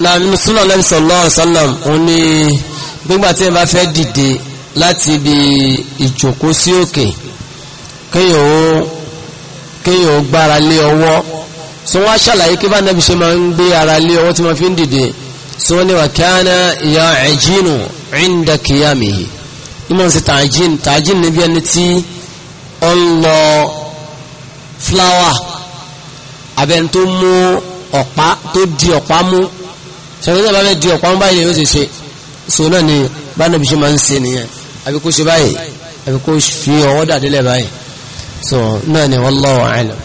láàrin súnà lẹ́bi sallallahu alaihi wasallam òun gbígbà tí ẹ bá fẹ́ dìde láti ibi ìjòkó sí òkè kéèyàn ó kéèyàn ó gbára lé ọwọ́ so wọ́n á ṣàlàyé kí bá nàbì ṣe máa ń gbé ara lé ọwọ́ tí wọ́n fi ń dìde so wọ́n ní wà kíánà ìyá ẹ̀jínù ẹ̀ńdà kìyàmì yìí ìmọ̀ sí tààjín tààjín níbi ẹni tí ọ ń lọ fúláwà abẹ́ni tó mú ọ̀pá tó di ọ̀pá mú sọ̀rọ̀ náà bá fẹ́ di ọ̀pá mú báyìí yóò ṣe ṣe so náà ni báńdà bí ṣe máa ń ṣe nìyẹn àbí kó ṣe báyìí àbí kó fi ọwọ́ dàdílẹ̀ báyìí so náà ni wallahu a'lam.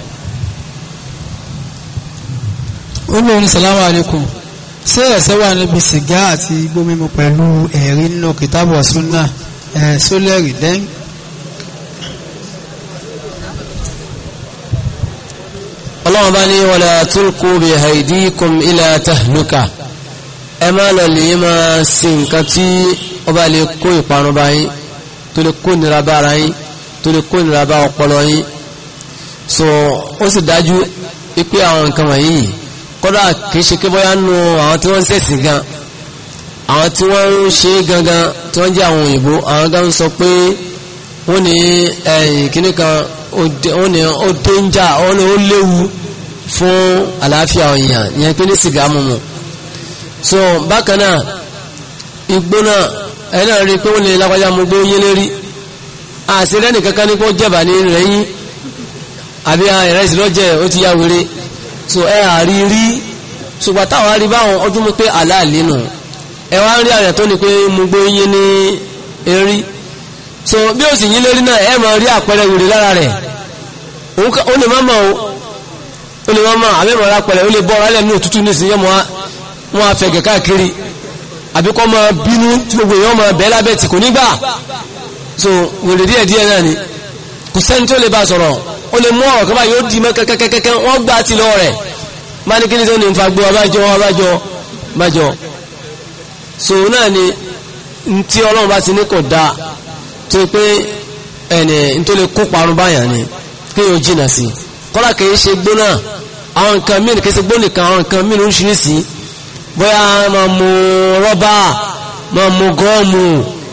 olórí salamu alaykum ṣé ẹ̀ṣẹ̀ wà níbi sìgá àti igbó mímu pẹ̀lú ẹ̀rí nínú kìtàbù ọ̀sùn náà ẹ̀ sólẹ́rì lẹ́yìn ọlọ́run bá ní wala tulqu bi haydikum ila tahnuka ẹ má lọ lè máa ṣe nǹkan tí ọba lè kó ìparun bá yín tó lè kó ìnira bá ara yín tó lè kó ìnira bá ọpọlọ yín so ó sì dájú pé àwọn nǹkan wọ̀nyí yìí kìí ṣe pé bóyá nu àwọn tí wọ́n ń ṣẹ̀sìn gan àwọn tí wọ́n ń ṣe gangan tí wọ́n jẹ́ àwọn òyìnbó àwọn gan sọ pé wọ́n ní ẹ̀yìn kíní kan ó ní ó dénjà ó ní ó léwu fún àlàáfíà ọ̀yàn yẹn pé ní sìgá mímu so baka na igbó ẹ na rí i pé ó lè lágbájá mu gbó yín lérí àṣírẹ́ nìkankan ní kó jẹ̀bà ní rẹ̀ yín àbí ẹ̀rẹ́sì lọ́jẹ̀ ó ti yá wèrè so ẹ àrí rí ṣùgbọ́n táwọn arí báwọn ọdún mú pé àláàlì nù ẹ wá ń rí àrẹ tó ní pé so bí ó sì lérí náà ẹ máa rí àpẹẹrẹ wèrè lára o. ó lè wọ́n mọ́ àbẹ́rọ̀ ọ̀rá pẹ̀lẹ̀ ó lè bọ́ ọ̀rálẹ̀ ní òtútù ní ìsinyẹ́ wọn a fẹ̀gẹ̀ káàkiri àbíkọ́ mọ́ bínú tí gbogbo èèyàn mọ́ bẹ́ẹ̀ lábẹ́ tì kò nígbà so wèrè díẹ̀ díẹ̀ náà ni kò sẹ́ni tó lè bá sọ̀rọ̀ ó lè mú ọ̀rọ̀ kọ́bá yóò dì mọ́ kẹ́kẹ́kẹ́kẹ́ wọ́n gbá ti lọ rẹ̀ má ní kíni tó ní nfa gbó abájọ abájọ abájọ so náà ni tí ọlọ́run bá ti ní kò dáa tó pé ẹni tó lè kó parun báyà ni kéèyàn jìnnà sí kọ́lá kìí ṣe gbóná àwọn nǹkan mìíràn kìí ṣe gbó nìkan àwọn nǹkan mìíràn oríṣiríṣi bóyá máa mu rọ́bà máa mu gọ́ọ̀mù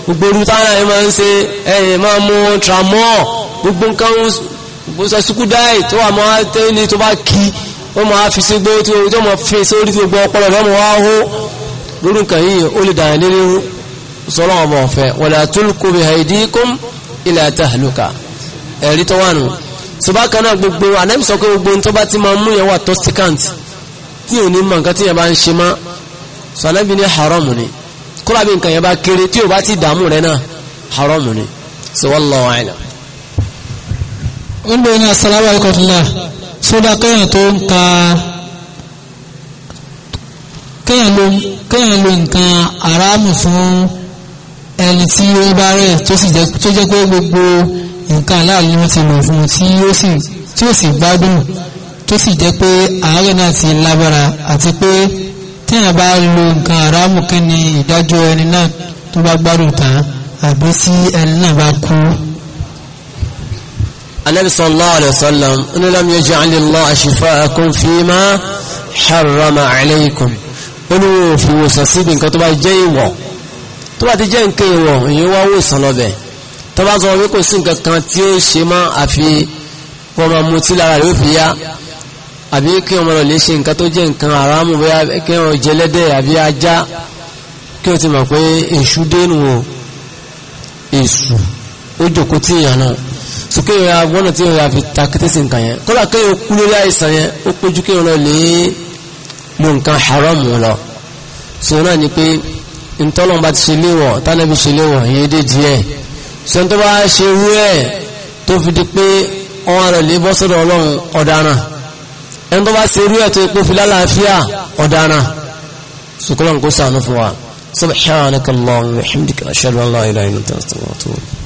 gbogbo orú táwọn ẹ̀ máa ń ṣe ẹ̀yìn máa mu tramọ́ gbogbo nǹkan gbósọ sukúdáì tó wà máa tẹ́ ní tó bá kí ó máa fi sí gbó tí orí máa fi sí orí tí gbogbo ọpọlọ rẹ̀ máa hó lórí nǹkan yìí ó lè dàn nínú sọlọ́wọ́n ọ̀fẹ́ wala tulqu bi aydikum ila tahluka ẹ̀rí tó wà nù sọbákan náà gbogbo ànábì sọ pé gbogbo tó bá ti máa mú yẹn wà tosticant tí ò ní mọ nǹkan tí yẹn bá ń ṣe mọ́ sọ ànábì ní haram ni kúrò àbí nǹkan yẹn bá kéré tí ò bá ti dààmú rẹ náà haram ni sọ wallahu a'lam. wọ́n bẹ̀rẹ̀ ní asalaamu alaykum fúnra sódà kéèyàn tó ń ka kéèyàn lo kéèyàn lo nǹkan aráàmù fún ẹni tí ó bá rẹ̀ tó sì jẹ́ pé gbogbo nǹkan aláàlú wọn ti lò fún tí ó sì tí ó sì gbádùn tó sì jẹ́ pé àárẹ̀ náà ti lágbára àti pé téèyàn bá lo nǹkan àràmù kí ni ìdájọ́ ẹni náà tó bá gbádùn tán àbí sí ẹni náà bá kú. النبي صلى الله عليه وسلم أنه لم يجعل الله شفاءكم فيما حرم عليكم أنه في وساسيب كتب جيوة تبا تجين كيوة يوا وصل tó bá sọ wípé kò sí nǹkan kan tí ó ṣe mọ́ àfi wọn máa mutí lára rẹ̀ ó fi yá àbí kí wọn lọ lè ṣe nǹkan tó jẹ́ nǹkan àrámù bóyá kí wọn jẹ lẹ́dẹ̀ àbí ajá kí wọn ti mọ̀ pé èṣù dénú o èṣù ó jòkó tí ìyàn náà so kí wọn agbọ́nà tí wọn fi ta kété sí nǹkan yẹn kódà kí wọn kú lórí àìsàn yẹn ó péjú kí wọn lè lo nǹkan àrámù lọ so náà ni pé ntọ́lọ́mùbá ti ṣe léwọ̀ tánàbí ṣe léwọ̀ ìyẹn dé díẹ̀ sẹ́ni tó bá ṣe wú ẹ̀ tó fi di pé ọ̀hún rẹ̀ lè bọ́ sọ́dọ̀ ọlọ́run ọ̀daràn ẹni tó bá ṣe wú ẹ̀ tó ipò fi lálàáfíà ọ̀daràn sùkúrọ̀ nǹkó sànú fún wa subhanakallahumma wa bihamdika ashhadu an la ilaha illa anta